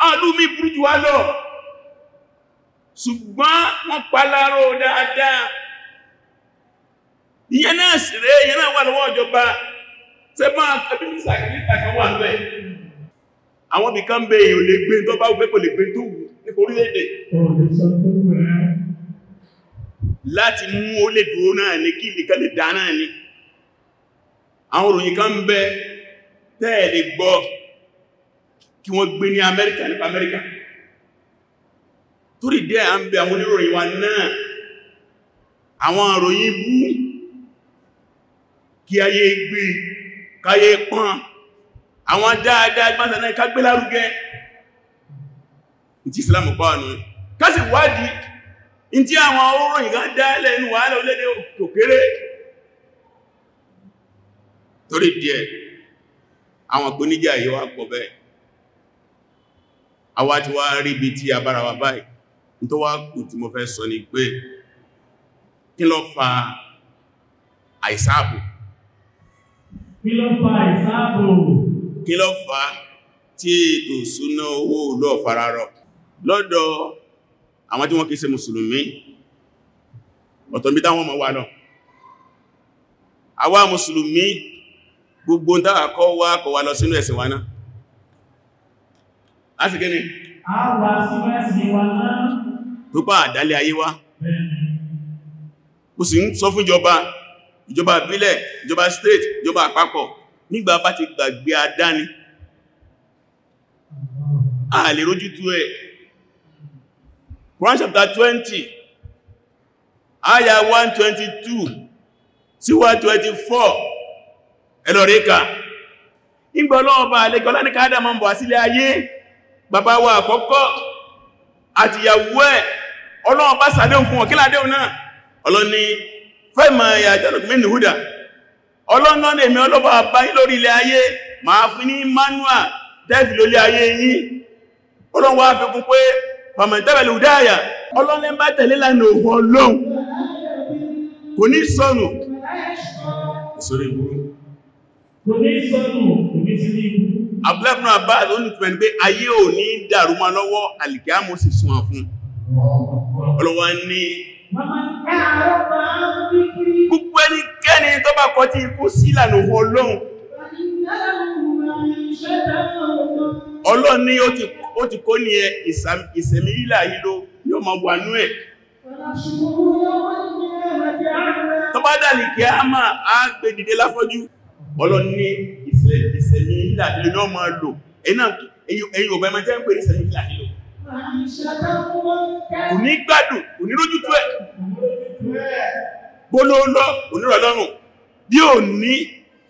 S1: alúmí burú jù wá lọ ṣùgbọ́n wọ́n paláró dáadáa ìyẹn náà sì àwọn ibìkan bẹ èyàn lè gbé tó bá wùfẹ́ kò lè gbé tó wù ní orílẹ̀-èdè láti mú ó lè dúró náà ní kí ìlìkan lè dá náà ní àwọn òròyìn kan bẹ tẹ́ẹ̀lì gbọ́ kí wọ́n gbé ní Amẹ́ríkà nípa Amẹ́ríkà torí dẹ́ à ń bẹ àwọn oníròyìn wa náà àwọn òròyìn bú kí ayé gbé káyé pọ́n àwọn dáadáa ìgbásànà ìkágbé lárugẹ tí islam pa ní kásì wádìí in tí àwọn oòrùn ìgá dáẹ́lẹ̀ inú wàhálà olédé òkèrè torí díẹ̀ àwọn píníjà yìí wá pọ̀ bẹ́ẹ̀ ti wá rí bí tí a bára wa báyìí kí ló fà á tí ètò ìṣúná owó ìlú ọ̀fararọ̀ lọ́dọ̀ àwọn tí wọ́n kìí ṣe mùsùlùmí ọ̀tọ̀bí táwọn mọ̀ wà lọ àwa mùsùlùmí gbogbo dáwà kọ́ wá kọ̀ wá lọ sínú ẹ̀sìn wa náà a sì kíni àwa sínú ẹ̀sìn wa náà púpá àdálẹ̀ ayé wa mo sì ń sọ fún ìjọba ìjọba ìbílẹ̀ ìjọba state ìjọba àpapọ̀ nígbà bá ti gbàgbé àdáni a lè rójú tú ẹ̀ Quran chapter 20 aya 122 sí 124 ẹlọ́ríkà ìgbà ọlọ́ọ̀bá alẹ́gbẹ̀ ọlọ́níkà Ádámọ̀ ń bọ̀ sílẹ̀ ayé bàbá wa àkọ́kọ́ àtìyàwó ẹ̀ ọlọ́ọ̀bá sàdéhùn fún ọ̀kíládéhùn náà ọlọ́ni fẹ́ ma yà jẹ́lùmínú húdà ọlọ́nà èmì ọlọ́bà báyí lórí ilẹ̀ ayé máa fún ní manua tẹ́fì lórí ayé yìí ọlọ́wọ́ afikún pé pàmẹ̀tẹ́bẹ̀lú dáyà ọlọ́nà bá tẹ̀lé lánà òhun ọlọ́un kò ní sọnù ìsorí ìbúrú kò ní sọnù kò ní sí ní abúlẹ́kùn àbá àdónì pẹ̀lú pé ayé ò ní dàrú ma lọ́wọ́ alìkíámù sì sún àfún ọlọ́wọ́ ní Gbogbo bá kọ tí ikú sí ìlànà ọlọ́run ọlọ́run ní ó ti kó ní ẹ ìsẹ̀mí ìlà yìí ló yóò máa wà ní ẹ̀ tó bá dàlì kí a máa á dìde láfọ́jú ọlọ́run ní ìsẹ̀mí ìlà yìí ló máa lò ẹ̀yìn ọ̀bẹ̀ máa jẹ́ ń pè ní ìsẹ̀mí ìlà yìí lò kò ní bí ò ní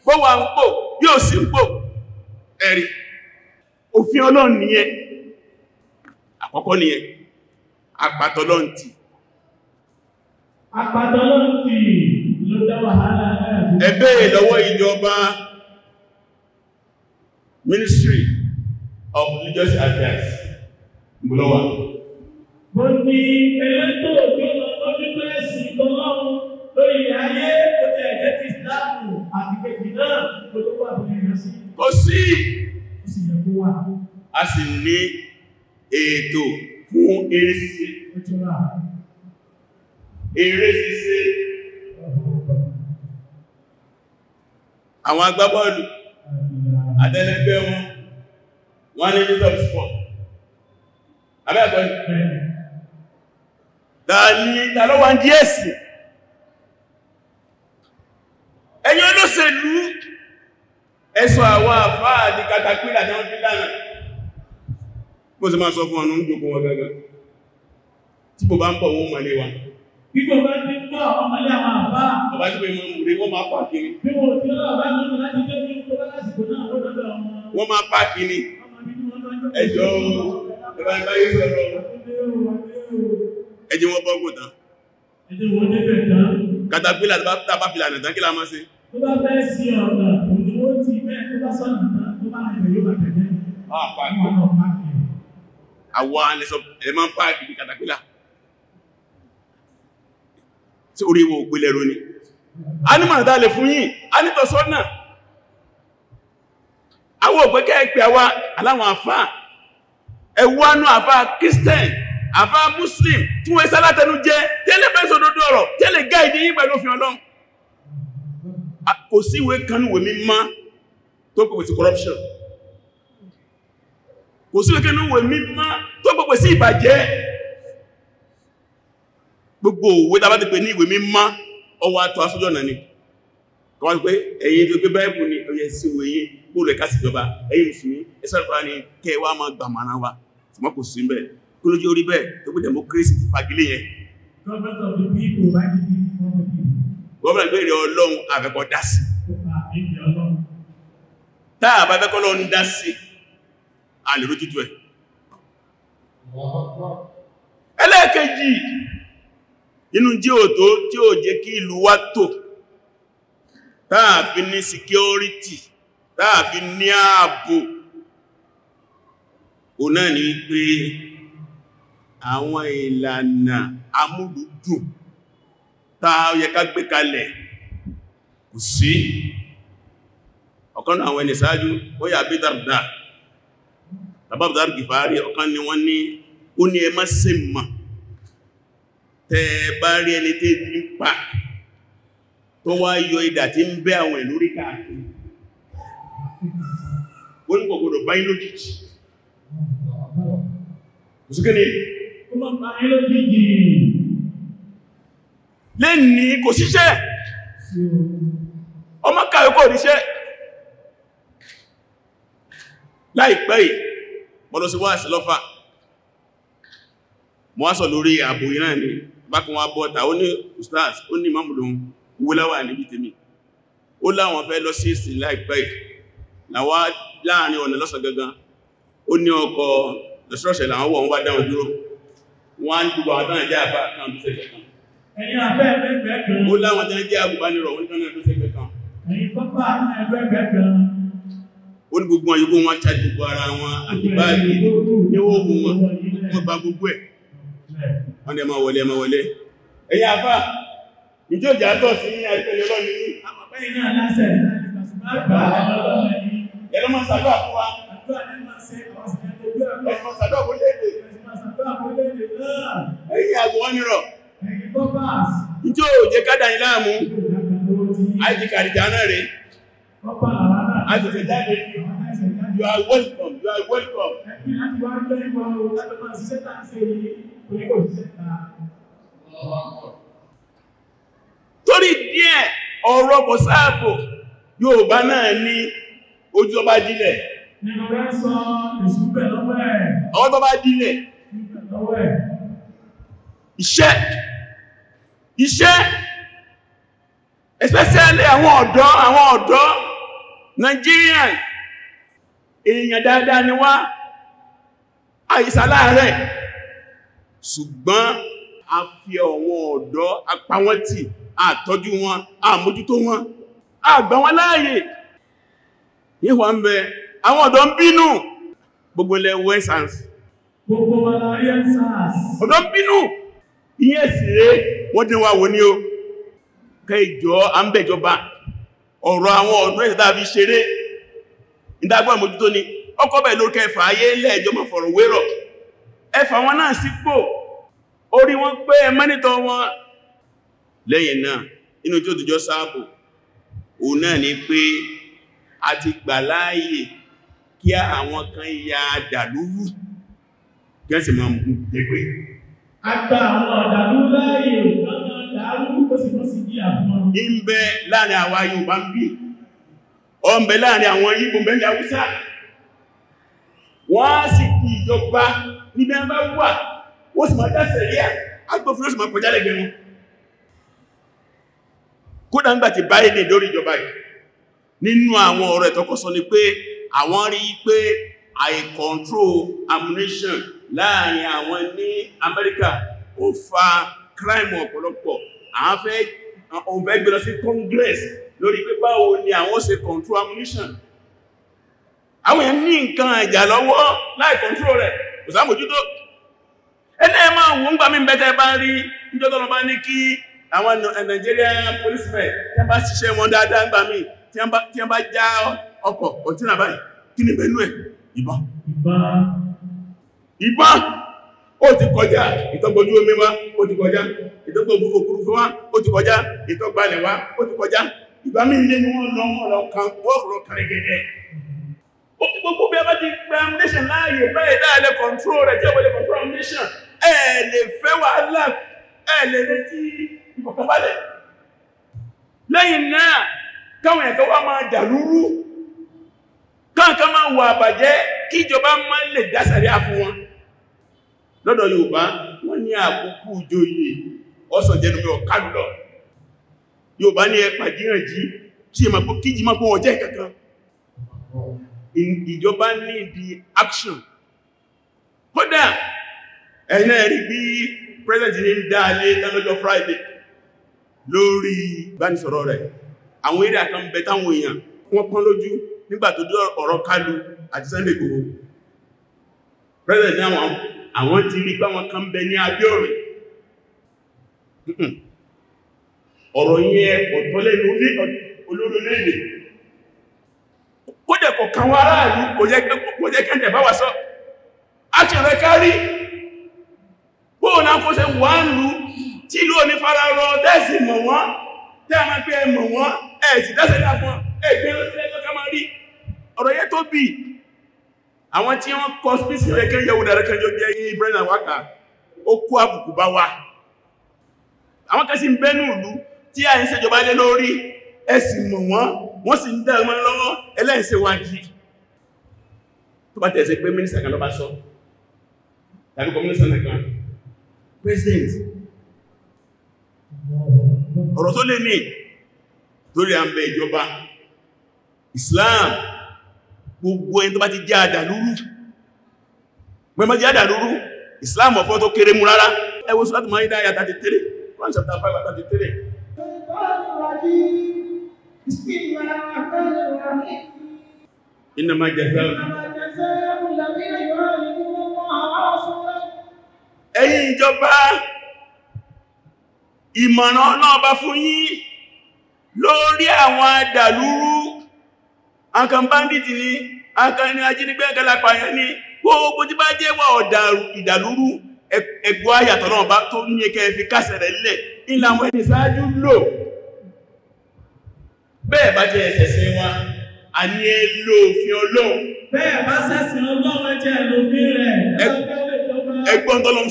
S1: bó wà ń pò bí ò sí ń pò ẹ̀rí òfin ọlọ́run nìyẹn àkọ́kọ́ nìyẹn àpàtọ́lọ́ntì àpàtọ́lọ́ntì ló dá wàhálà ẹ̀bẹ̀ ìlọ́wọ́ ìjọba ministry of religious affairs gbọ́lọ́wà mo ní ẹlẹ́tọ̀ òjò lọ́dún pẹ́ẹ̀sì lọ́wọ́ lórí ayé kejì náà kò sí. kò sí. ó sì yẹ kó wà. a sì ní ètò fún eré ṣíṣe. eré ṣíṣe. àwọn agbábọ́ọ̀lù àtẹlẹgbẹ́ wọn wọ́n ní resort sport abẹ́ẹ̀kọ́ ìpínlẹ̀ ta ni ta díẹ̀ sí ẹ̀yin olóṣèlú ẹ̀sọ̀ àwọn àfáà ní katapila ní ọdún lánàá bó ṣe máa sọ fún ọ̀nà ìjòkó wọn gẹ́gẹ́ tí bó bá ń pọ̀ wọ́n mọ̀lé wa Bíbọ̀ bá ti gbọ́ ọmọlé àwọn àfáà. Bàbá tí pé mọ́ mú rí wọ́n máa pàkiri. Bí wọ́n ti lọ́wọ́ bá nínú láti jẹ́ bí ó bá lásìkò náà lọ́dọ̀ wọ́n máa pàkiri. Ẹjọ́ ẹ̀bá ìbáyé sọ̀rọ̀. Ẹjẹ́ wọn bọ́gùn tán. Ẹjẹ́ wọn débẹ̀ tán. Katapila tán kí la máa ṣe? tó bá bẹ́ẹ̀ sí ọ̀nà òyìnbó ti bẹ́ẹ̀ tó bá sọ̀nà tán tó bá rẹ̀ yóò bàtẹ̀ jẹ́ ah, àwọn alẹ́sọ ẹ̀mọ́ páàkì ní kàtàkìlá tí orí ìwò òpìlẹ̀ rú ni a ní màá dálẹ̀ fún yín a ní tọ̀sọ́nà àwọn òpẹ́kẹ́ ẹ̀pẹ́ àwá aláwọn àfá ẹwọ́nú àfá Christian àfá Muslim tí wọ́n sálátẹnu jẹ́ tẹ́lẹ̀ fẹ́ sọ dódó ọ̀rọ̀ tẹ́lẹ̀ gáìdì yí pẹ̀lú òfin Ọlọ́run kò sí ìwé kanúwé mímọ́ tó pẹ̀pẹ̀ sí corruption kò sí ìwé kanúwé mímọ́ tó pẹ̀pẹ̀ sí ìbàjẹ́ gbogbo òwe tàbá ti pè ní ìwé mímọ́ ọwọ́ àtọ́ asójọ́ náà ni kọ́ wọ́n pé ẹ̀yin tó gbé báyìí ní ọyẹ sí ìwé yìí bóòlù ẹ̀ka sí ìjọba ẹ̀yin mùsùlùmí ẹ̀sọ́rọ̀kọ́ra ni kẹwàá máa gbà màná wa ṣùgbọ́n kò sí bẹ́ẹ̀ kí ló jẹ́ orí bẹ́ẹ̀ tó pé democracy ti fagilé yẹn Government of the people, why the people for the people? gọ́ọ̀mọ̀ ìgbèrè ọlọ́run àfẹ́kọ́ dá sí táà bá fẹ́kọ́ lọ ń dá sí àlèrò tútù ẹ̀ ẹlẹ́ẹ̀kejì inú jí ò tó tí ó jẹ́ kí ìlú wa tò táà fi ní security táà fi ní ààbò o náà ni wípé àwọn ìlànà amúlùdùn tá yẹ ká gbé kalẹ̀ kò sí ọ̀kan àwọn ẹni sáájú ó yà bí dárdà tàbábdár gìfàárí ọ̀kan ni wọ́n ní ó ní ẹmá sí mọ̀ tẹ bá rí ẹni tí ń pa tó wá yọ ìdà tí ń bẹ́ àwọn ìlú rí káàkiri ó ní kòkòrò báyìí lójijì lè ní kò síṣẹ́ ọmọ kàwé kò ríṣẹ́ láìpẹ́ yìí mọ́lọ sí wáṣẹ́ lọ́fà mọ́ sọ lórí ààbò iná ní bákan wá bọ́ta ó ní ustaz ó ní mọ́mùlùm wúláwà níbi tèmi ó láwọn fẹ́ lọ sí ìsìn láìpẹ́ yìí láwá láàrin ọ̀nà lọ́sàn gangan ó ní ọkọ̀ lọ́sọ́ọ̀ṣẹ̀ ẹ̀yin afẹ́ ẹgbẹ́ kan. ó láwọn tẹ́lẹ̀ jẹ́ agùnbánirọ̀ wọn kan náà ló fẹ́ gbẹ kan. ẹ̀yin pápá ẹgbẹ́ kan. ó ní gbogbo àyíkó wọn ṣá gbogbo ara wọn àti báàgì ní oògùn wọn wọn gba gbogbo ẹ̀. wọn lè máa wọlé máa wọlé. ẹ̀yin afá ìjọ ìjà tọ̀ sí àìpẹ̀lẹ̀ ọlọ́ni yìí. àwọn abẹ́yìn náà lásẹ̀ ẹ̀rọ máa sàdọ́ àkọ́wá. ẹ̀rọ máa sàdọ́ àkọ́wá. Njó jẹ kádà ní láàmú, àìjì kàrìjà náà rẹ̀. Àìsẹ̀sẹ̀ jáde, you are welcome, you are welcome. Torí díẹ̀ ọ̀rọ̀ kò sáàbò, Yorùbá náà ní ojú ọba dílẹ̀. Àwọn tó bá dílẹ̀. Iṣẹ́ iṣẹ́ especially àwọn ọ̀dọ́ àwọn ọ̀dọ́ Nigerian èèyàn dáadáa ni wá àìsà láàrẹ̀ ṣùgbọ́n a fi ọ̀wọ́ ọ̀dọ́ apáwọ́tì àtọ́jú wọn àmójútó wọn àgbà wọn láàyè yíwa ń bẹ àwọn ọ̀dọ́ ń bínú gbogbo ilẹ̀ western gbogbo ọ̀dọ́ ń bínú ìyẹ́sì rẹ̀ wọ́n dín wá ní o kẹjọ àmbẹ̀jọba ọ̀rọ̀ àwọn ọ̀dún ẹ̀sẹ̀ tàbí ṣeré ìdágbà mójútó ni ọkọ̀ bẹ̀ lórí kẹfà ayé ilẹ̀ ìjọba fọ̀rọ̀ wérọ̀ ẹfà wọn náà sípò orí wọn pé mẹ́nìtọ̀ wọn lẹ́yìn náà inú tí ó tùjọ sáàbò òun náà ni pé a ti Àgbà àwọn ọ̀dàlú láàyè Ìbẹ̀ láàrin àwa Yorùbá ń bí, ọmọ láàrin àwọn Ìgbò mẹ́rin Haúsá, wọ́n á sì kí ìjọba ní bẹ́ẹ̀ bá wà, wọ́n sì máa dáṣẹ̀ rí agbófinró sì máa kọjá lẹ́gbẹ̀ẹ́ wọn. Kódà ń gbà ti báyé ní ìdórí ìjọba yìí, nínú àwọn ọ̀rọ̀ ẹ̀tọ́kọ́sọ ni pé àwọn rí pé àìkọ̀ntró ammunition láàrin àwọn ní Amẹ́ríkà ó fa crime ọ̀pọ̀lọpọ̀ àwọn fẹ́ gbé lọ sí Congress lórí pé báwo ni àwọn ṣe control ammunition àwọn èèyàn ní nǹkan ìjà lọ́wọ́ láì control rẹ̀ kò sáàmójútó ẹ̀nà ẹ̀mà òun gbà mí bẹ́tẹ̀ bá rí ìjọ́tọ̀lọ bá ní kí àwọn Nigeria policemen tí a bá ṣiṣẹ́ wọn dáadáa gbà mí tí a bá já ọkọ̀ ọ̀tí ìbá ó ti kọjá ìtọ́gbọ̀jú omi wá ó ti kọjá ìtọ́gbọ̀jú òkúrufú wá ó ti kọjá ìtọ́gbalẹ̀ wá ó ti kọjá ìgbà mí ilé ni wọ́n lọ ọ̀rọ̀ kan ọ̀rọ̀ kàrẹ̀gẹ̀dẹ̀ ó ti gbogbo bí a bá ti gba amúnéṣàn láàyè báyìí dáadẹ́ control rẹ̀ tí ó wọlé control amúnéṣàn ẹ̀ lè fẹ́ wàhálà ẹ̀ lè retí ìfọ̀kànbalẹ̀ lẹ́yìn náà káwọn ẹ̀kọ́ wá máa dàrúrú káàkà máa wà àbàjẹ́ kíjọba máa lè dásàrí àfún wọn lọ́dọ̀ Yorùbá wọ́n ní àkókò ìjòyè ọsàn jẹ́nu pé ọ̀ká lọ Yorùbá ní ẹpà jíran jí tí ma pọ̀ kíjì ma pọ̀ wọ́n jẹ́ kankan ìjọba ní ibi action kódà ẹ̀yìn ẹ̀rí bí president ní dáalé lọ́jọ́ Friday lórí bánisọ̀rọ̀ rẹ̀ àwọn eré àkànbẹ̀ táwọn èèyàn wọ́n pọ́n lójú nígbà tó dé ọ̀rọ̀ Kálù àti Sunday Igboho president ní àwọn àwọn ti rí pé àwọn kan bẹ ní abíọ̀rẹ̀ ọ̀rọ̀ yẹn ọ̀tọ́lẹ̀ olórílẹ̀-èdè kódẹ̀ kò kan wá aráàlú kò jẹ́ kẹ́ndẹ̀ bá wà sọ a ṣe rẹ̀ kárí bóòlá kó ṣe wà ń lú tí ló ní fara rọ tẹ́ẹ̀sì mọ̀ wọ́n tẹ́ a máa gbé ẹmọ̀ wọ́n ẹ̀ẹ̀sì tẹ́ẹ̀sì àwọn tí wọ́n kọ́ spíṣì ẹ̀kẹ́ yẹ̀wò dára kẹjọ jẹ́ Ibrahim Awaka ó kó àbùkù bá wa àwọn kẹsí ń bẹ́nu ìlú tí a ń ṣèjọba lé lórí ẹ̀sìn mọ̀ wọ́n wọ́n sì ń dá ọmọ lọ́wọ́ ẹlẹ́ẹ̀ṣẹ̀ wájì tó bá tẹ̀sẹ̀ pé mínísítà kan ló bá sọ tàbí kọmínísítà nìkan president ọ̀rọ̀ tó lè ní torí à ń bẹ ìjọba Islam gbogbo ẹni tó bá ti jẹ́ àdàlúrú mẹ́mọ́ jẹ́ àdàlúrú Islam ọ̀fọ́ tó kéré mú rárá ẹ wo Suratul Maida ayà 33 Quran chapter 5 ayà 33 Innama jazaa ẹ̀yin ìjọba ìmọ̀ràn náà bá fún yín lórí àwọn àdàlúrú àkàn bandit ni àkàn ní ajínigbé galapayẹ ni gbogbo tí bá jẹ́ wà ìdàlúrú ẹgbọ́ ayàtọ̀ náà bá tó ní ẹkẹ́ fi kásẹ̀ rẹ̀ lẹ̀ ìlànà ẹni sáájú lò bẹ́ẹ̀ bá jẹ́ ẹsẹ̀ sí wa a ní ẹ lò òfin ọlọ́run bẹ́ẹ̀ bá sẹ́sìn ọlọ́run ẹjẹ́ ẹlòfin rẹ̀ ẹgbọ́n tọ́lọ́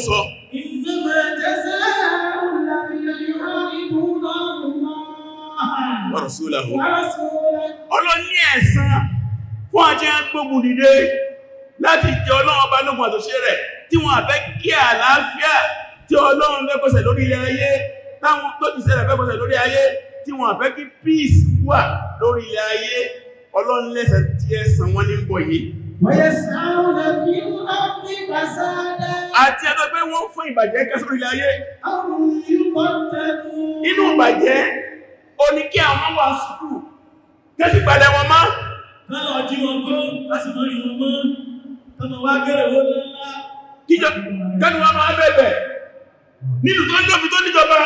S1: tí a ń gbógun dìde láti jẹ ọlọ́run ọba lógun àtòṣe rẹ̀ tí wọ́n àfẹ́ kí àlàáfíà tí ọlọ́run lẹ́kọ̀ọ́sẹ̀ lórí ilẹ̀ ayé táwọn tó ti sẹ́rẹ̀ fẹ́kọ̀ọ́sẹ̀ lórí ayé tí wọ́n àfẹ́ kí peace wà lórí ilẹ̀ ayé ọlọ́run lẹ́sẹ̀ tí ẹ san wọ́n ní bọ̀ yìí àti ẹ̀tọ́ pé wọ́n fún ìbàjẹ́ kásórí ilẹ̀ ayé inú ìbàjẹ́ o ní kí àwọn wà sùkú kẹ́sì pàdé wọn máa lọ́lọ́ jí wọn kó láti mọ́ rí wọn mọ́ tọmọ wá gẹ́rẹ̀ wó lọ́lá kíjọ kẹ́nu wa máa bẹ̀bẹ̀ nílùú tó ń jọ́fi tó níjọba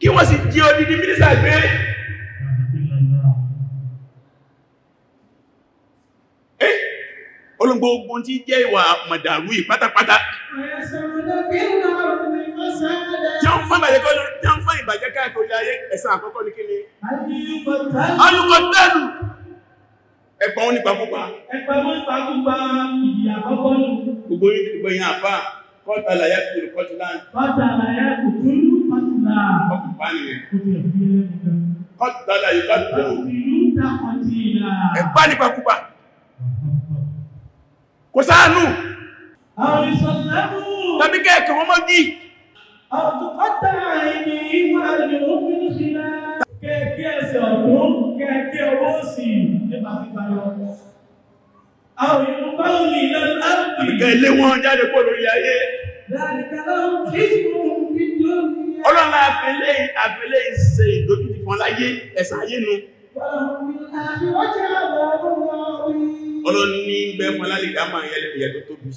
S1: kí wọ́n sì jí odidi mínísà gbé ẹ́ tí jẹ́ ìwà mọ̀dàrú yìí jẹun fún ìbàjẹ́ kọ́ jẹun fún ìbàjẹ́ káàkiri ayé ẹ̀san àkọ́kọ́ ní kíni alùkọ̀ tẹ́lù ẹ̀pọ̀ wọn nípa púpa gbogbo ìgbẹ̀yìn àfá kọ́ta àlàyé kùtùrù kọ́tù láàrín kọ́ta àlàyé kọ́tù ẹ̀pá nípa púpa kò sáánù tàbí kẹ́ẹ̀kẹ́ wọ́n mọ́ gíì أو تقطع أيديهم وأرجلهم من خلاف kẹ̀kẹ́ ẹsẹ̀ ọ̀tún kẹ̀kẹ́ ọwọ́ sí nípa pípa yọ. Àwọn ìlú fáwọnì ìlànà láti. Àbíkẹ́ ilé wọn jáde kó lórí ayé. Ọlọ́lá àfẹ́lẹ́ àfẹ́lẹ́ ìṣe ìdójútì fún láyé ẹ̀sà ayé nu. Ọlọ́ni ń bẹ fún alálìkà máa yẹ tó tóbi.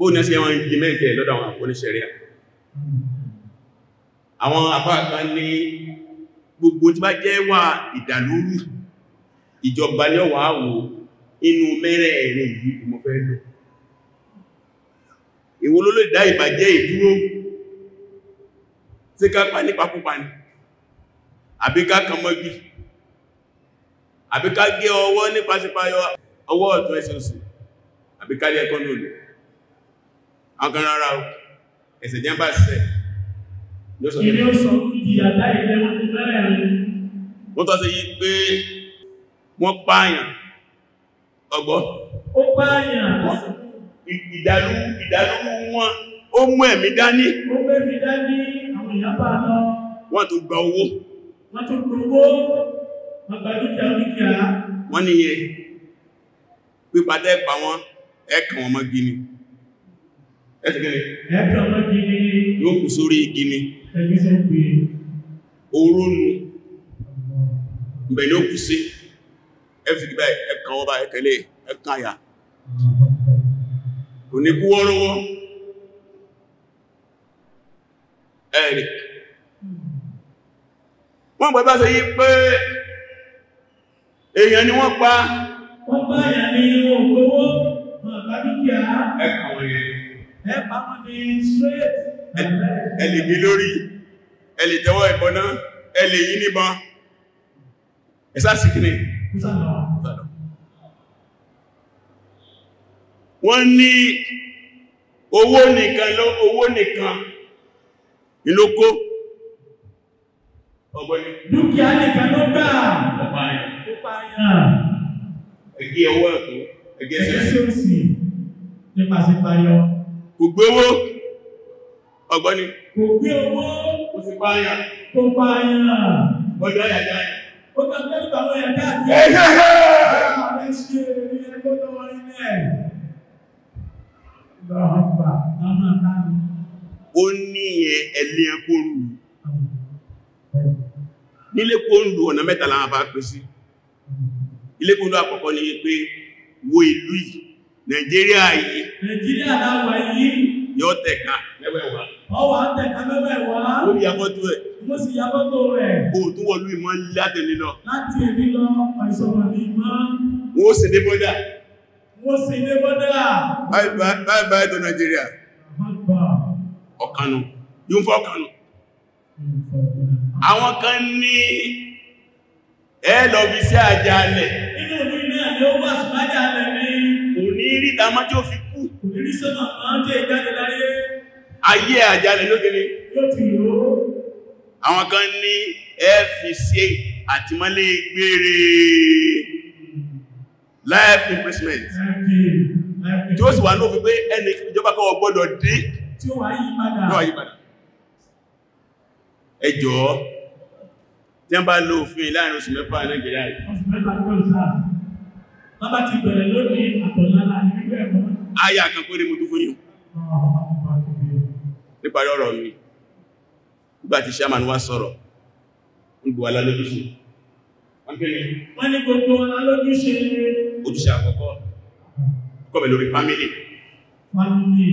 S1: bó ní ẹsẹ̀ wọn jí mẹ́ǹkẹ́ lọ́dọ̀ àwọn oníṣẹ̀ríà àwọn àpáàkà ní gbogbo tí bá jẹ́ wà ìdàlúrú ìjọba ní ọwà àwò inú mẹ́rẹ̀ ẹ̀rẹ̀ yìí mo fẹ́ lò ìwò ló lè dá ìbàjẹ́ ìdúró tí ká pa ní ní àbí ká kan mọ́gí àbí ká gé ọwọ́ nípasípa ọwọ́ ọ̀tún ẹsẹ̀ òsì àbí ká lé ẹkọ́ agan rárá o ẹ̀sẹ̀ jẹ́ bá sẹ́ wọ́n tọ́ sí yí pé wọ́n pààyàn ọgbọ́ ó pààyàn ìdàlú wọn ó mú ẹ̀mí dání wọ́n tó gba owó wọ́n tó gbogbo ọgbàdúkẹ́ oníkẹ́ wọ́n ni yẹ pípadẹ́ pa wọn ẹ̀kàn wọn mọ́ gini yóò kù sórí igi ni orónù bẹ̀lẹ̀ ó kù sí ẹfìgbà ẹ̀kan ọba ẹ̀kẹ̀lẹ̀ ẹ̀kan àyà kò ní kú wọ́rọ́wọ́ ẹ̀rì wọ́n pẹ̀lú àṣẹ yí pé èèyàn ni wọ́n pa wọ́n bá yà ní ohun gbówó ẹ̀kàwọ̀ yẹn ẹ pa wọ́n ní straight ẹ lè gbé lórí ẹ lè tẹ́wọ́ ìbọn náà ẹ lè yí níbọn ẹ̀sá sí kí ni wọ́n ní owó nìkan ló owó nìkan ìlókó ọgbọ̀ni dúkìá nìkan ló gbà ọpàáyàn ẹgbẹ́ ọwọ́ ẹ̀kọ́ ẹgbẹ́ sí òsì nípasẹ̀ payọ́ kò gbé owó ọ̀gbọ́ni kò gbé owó kò sì pààyàn kò pààyàn ọjọ́ àyàjá yẹn ó kàn fẹ́ lùtà àwọn àyàjá àti ẹ̀yẹ́ ọ̀rẹ́ ṣe èmi ẹgbẹ́ tó wọ́n ní ẹ̀ lọ́ọ̀pá lọ́nà tánu. ó ní yẹn ẹlẹ́ ẹkọ́ lù nílé kó ń lù ọ̀nà mẹ́ta làwọn bá pèsè ilé kó ń lù àkọ́kọ́ ni pé wo ìlú yìí nàìjíríà yìí nàìjíríà láwà yìí yóò tẹ̀ka mẹ́wẹ̀wá ọwà tẹ̀ka mẹ́wẹ̀wá ó sì yàfọ́tò ẹ̀ ó sì yàfọ́tò rẹ̀ kò tún wọ̀lú ìmọ̀ láti èmi lọ láti èmi lọ àìsọ̀rọ̀ ní ìmọ̀ wọ́n sì dé bọ́dà wọ́n sì dé bọ́dà báyìí báyìí tó nàìjíríà ọ̀kanu yóò fọ́ ọ̀kanu àwọn kan ní ẹ lọ bí sí àjálẹ̀ nínú ìlú náà ni ó wà sí àjálẹ̀ ìdámọ́ tí ó fi kú ìrísọ́nà máa jẹ́ ìjáde láyé ayé àjálẹ̀ lógiri àwọn kan ní fc àtìmọ́lé gbére life imprisonment tí ó sì wà ní òfin pé ẹni ìjọba kọwọ́ gbọ́dọ̀ dé tí ó wà yí padà ẹjọ́ tí wọ́n bá lo òfin láàrin oṣù mẹ́fà Nàìjíríà bàbá ti bẹ̀rẹ̀ lónìí àtọ̀lára nígbà ẹ̀kọ́. Aya kan péré mo tó fún yín. Níparí ọ̀rọ̀ mi, nígbà tí Ṣáman wá sọ̀rọ̀, ń bu alálójúṣe. Wọ́n ní gbogbo alálójúṣe. Ojúṣe àkọ́kọ́, kọ́bẹ̀ lórí fámílì. Fámílì.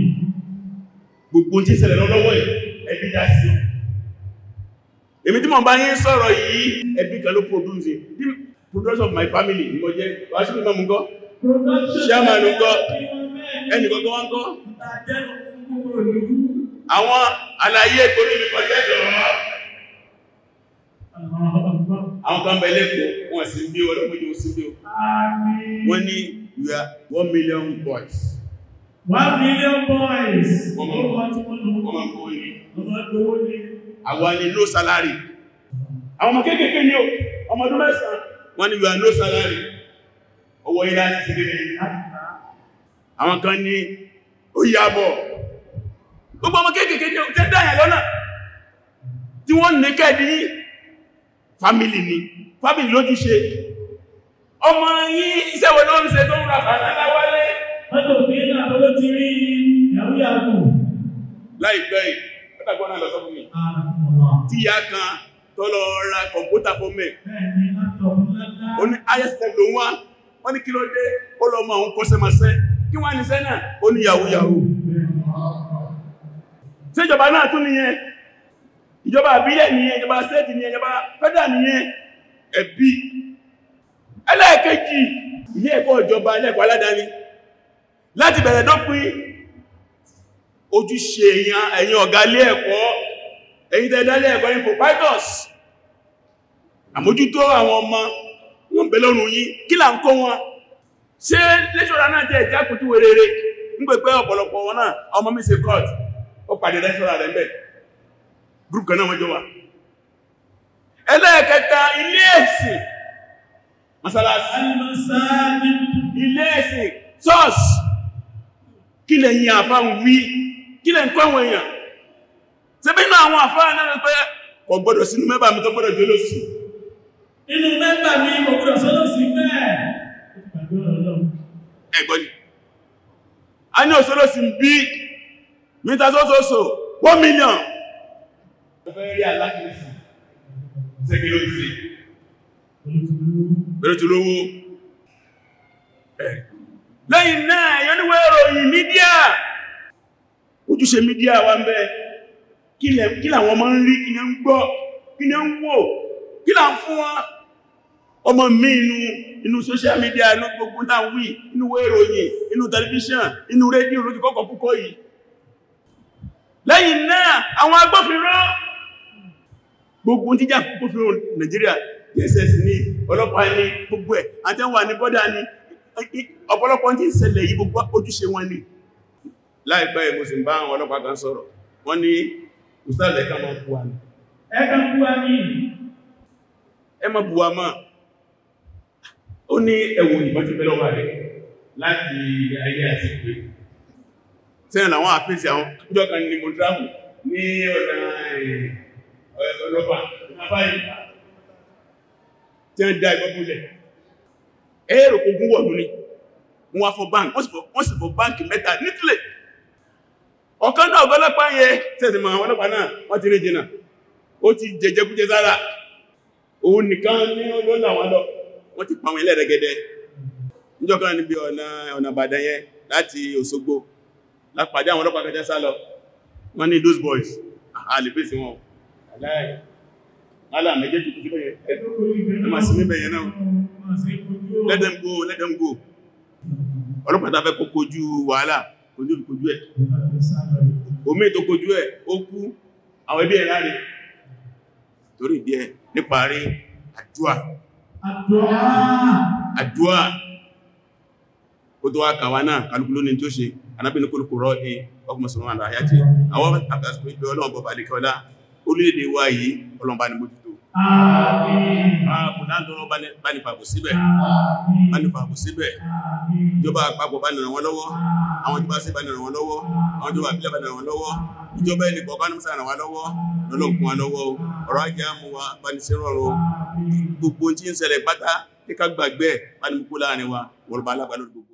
S1: Gbogbo tí ṣẹlẹ̀ lọ́wọ́ yìí, ẹbí dá sí. Èmi tí mo bá yín sọ̀rọ̀ yìí, ẹbí kan ló produce production of my family ni mo jẹ́ wàásù náà mú kọ́ chairman ń kọ́ ẹnì kọ́kọ́ wá ń kọ́ àwọn àlàyé torí mi kọjá ìjọba àwọn kan bẹ lẹ́kọ̀ọ́ wọn sì bí ọlọ́pọ̀ yóò sí bí o wọ́n ní we are one million boys one million boys wọ́n mọ̀ kọ́ àwọn ni low salary àwọn ọmọ kéékèèké ni o ọmọ ọdún mẹ́sàn-án wọ́n ní you are no salary owó ilá ti ti rí àwọn kan ní ó gbogbo ọmọ kéèkèé ní dáyà lọ́nà tí wọ́n ní kẹ́ẹ̀dì yí fámílì ni fámílì lójúṣe ọmọ yí iṣẹ́ wo ló ṣe tó ń ra fàtàláwálé mọ́tò pé náà ló ti rí ìyàwó yàwó láìpẹ́ yìí pẹ́tàgbọ́n náà ó ní highest tech ló ń wá wọ́n ní kí ló dé ó lọ mọ àwọn kọsẹmọsẹ kí wọ́n ní sẹ́ náà ó ní yahoo yahoo sí ìjọba náà tún nìyẹn ìjọba àbílẹ̀ nìyẹn ìjọba sẹ́ẹ̀tì nìyẹn ìjọba fẹ́dà nìyẹn ẹ̀bí ẹlẹ́ẹ̀kejì ilé ẹ̀kọ́ ìjọba ilé ẹ̀kọ́ aládàáni láti bẹ̀rẹ̀ dópin ojúṣe èyàn ẹ̀yin ọ̀gá ilé ẹ̀kọ́ ẹ̀yin tẹ́ẹ̀dá ilé ẹ̀kọ́ ní proprietors àmójútó àwọn ọmọ wọ́n bẹ lọ́rùn yín kí là ń kọ́ wọn ṣe lẹ́ṣọ́ra náà jẹ́ ìjá kùtù rere ń pè pé ọ̀pọ̀lọpọ̀ wọn náà ọmọ mi ṣe court ó pàdé lẹ́ṣọ́ra rẹ̀ mẹ́ group kan náà wọ́n jọ wà ẹlẹ́ẹ̀kẹta ilé ẹ̀sìn masalasi ilé ẹ̀sìn church kí lẹ̀ yìn àfá wí kí lẹ̀ ń kọ́ àwọn èèyàn ṣe bí náà àwọn àfá náà pẹ́ kò gbọ́dọ̀ sínú mẹ́bàá mi tó gbọ́dọ̀ jẹ́ lóṣù inú mẹ́ta ni mo gbọ́dọ̀ sọ́dọ̀ sí bẹ́ẹ̀ ẹgbọ́n ni a ní òṣèlú sí bí mítà sọ́sọ́sọ́ 1 million bẹ̀rẹ̀tùlówó lẹ́yìn náà yọ níwẹ̀ ìròyìn mídíà ojúṣe mídíà wa ń bẹ kí làwọn ọmọ ń rí kí ní ń gbọ́ kí ní ń wò kí là ọmọ mi inú inú social media inú gbogbo náà wí inú wẹ́ròyìn inú tẹlifíṣàn inú rédíò lójú kọ́kọ́ púpọ̀ yìí lẹ́yìn náà àwọn agbófinró gbogbo jíjà agbófinró Nàìjíríà DSS ní ọlọ́pàá ní gbogbo ẹ̀ àtẹ́wà ní bọ́dà ní ọ̀pọ̀lọpọ̀ tí ń yìí gbogbo ojúṣe wọn ni láìpẹ́ ìmọ̀sìn bá o ní ẹwù ìbọn ti bẹ́lọ́ rẹ̀ láti ayé àti ìgbé sẹ́yìn làwọn àfíìsì àwọn ọjọ́ kan ní mo dáhùn ní ọ̀nà ọlọ́pàá àbáyé tí wọ́n dá ìbọn ogun ni wá fọ báńkì wọ́n sì fọ báńkì mẹ́ta nítìlẹ̀ ọ̀kan náà ọgọ́lọ́pàá yẹ ma ọlọ́pàá náà ti rí ó ti jẹjẹkújẹ sára òun nìkan ní ọlọ́lọ́ àwọn wọ́n ti pa wọn ilẹ̀ rẹ̀gẹ̀dẹ̀ níjọ́kan níbi ọ̀nà ọ̀nà Ìbàdàn yẹn láti Òṣogbo lápàdé àwọn ọlọ́pàá kẹjẹ sálọ wọ́n ní those boys àlèfèsì wọn alá méjèèjì tó fílẹ̀ ẹ máa sí níbẹ̀ yẹn náà let them go let them go ọlọ́pàá tàbẹ́ kó kojú wàhálà kojú kojú ẹ̀ omi tó kojú ẹ̀ ó kú àwọn ẹbí ẹ̀ láre torí ìdí ẹ̀ níparí àdúà àdúwà ó tó wá kàwà náà kàlùkùlù ní tó ṣe anábìnrin kòlùkù rọ́ ní ọkùnmọ̀sánmọ́ àdáyájẹ́ àwọn àpàtàkì ìgbẹ̀ ọlọ́ọ̀bọ̀ balẹ̀kọ́lá orílẹ̀-èdè wa yìí ọlọ́ọ̀bá ni mójútó ààbò láńdọ́rọ̀ bánifàbò síbẹ̀ bánifàbò síbẹ̀ ìjọba àpapọ̀ bániràn wọn lọ́wọ́ àwọn ìjọba sí bániràn wọn lọ́wọ́ àwọn ìjọba àbílẹ̀ bániràn wọn lọ́wọ́ ìjọba ẹni kọ̀ọ̀kan ní sàràn wa lọ́wọ́ lọ́lọ́kùn wa lọ́wọ́ ọ̀rọ̀ ajé àmú wa bánisẹ́rọ̀rọ̀ gbogbo tí ń ṣẹlẹ̀ pátá kíkà gbàgbẹ́ bánimukú láàrin wa wọ̀lọ́ba alábàlọ́ gbogbo